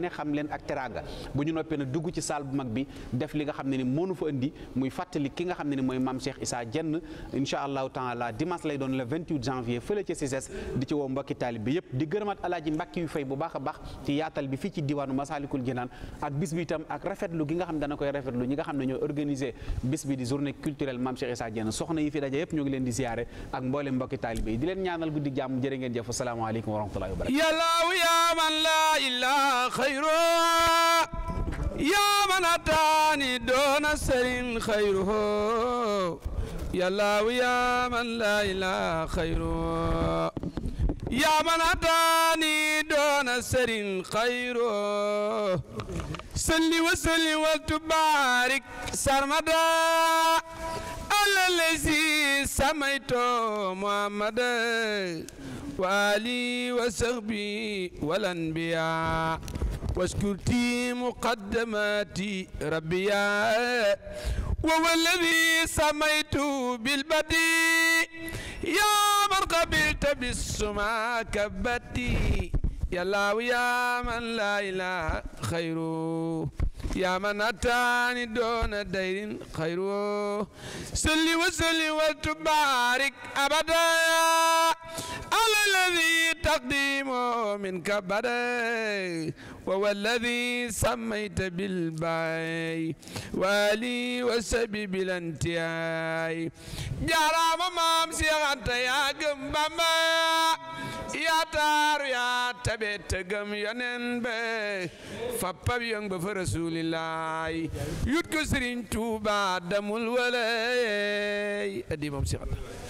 ne xam leen ak teraanga bu ñu noppee na dugg ci salle bi def li nga ne ni moonu fa indi muy ki nga xam ne ni mooy maam Cheikh Issa Dienne incha allahu taala dimanche lay doon le 28 janvier fële ca CICES di ci woo mbokki taalib bi di gërëmaat alaaji mbàkki yu fay bu baax a baax ci yaatal bi fii ci diwaanu Masaalikul Jinaan ak bis bi itam ak rafetlu gi nga xam dana koy rafetlu ñi nga xam ne ñooy organiser bis bi di journée culturelle Mame Cheikh a Diène soxna yi fi daje yëpp ñoo leen di siyaare ak mboolem mbokki taalibe yi di leen ñaanal guddi jàmm jërë ngeen jëf asalaamaaleykum wa rahmatullahi wa barakatuh ya ya man la ilaha khayru yaa man ataani doona sëriñ xayroo salli wa salli wa tubaarik sarmada ala lazi samayto muhammad wa ali wa sahbi wal anbiya واشكرتي مقدماتي ربيا وهو الذي سميت بالبديع يا من قبلت بالسماء كبتي يا الله يا من لا إله خيره يا من أتاني دون دير خيره سلي وسلي وتبارك أبدا على الذي تقديمه منك بدأ وهو الذي سميت بالباي والي وسبي بالانتهاي جرام مام سيغنت يا جنبما يا تار يا تبت جم ينن بي فبب ينب فرسول الله يدك سرين توبا دم الولي ادي مام سيغنت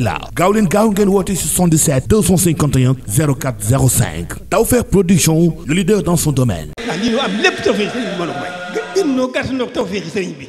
là gaaw leen gaaw ngeen woote 77 251 04 Production le leader dans son domaine. Ah, am lépp tawfeex sëriñ bi bi.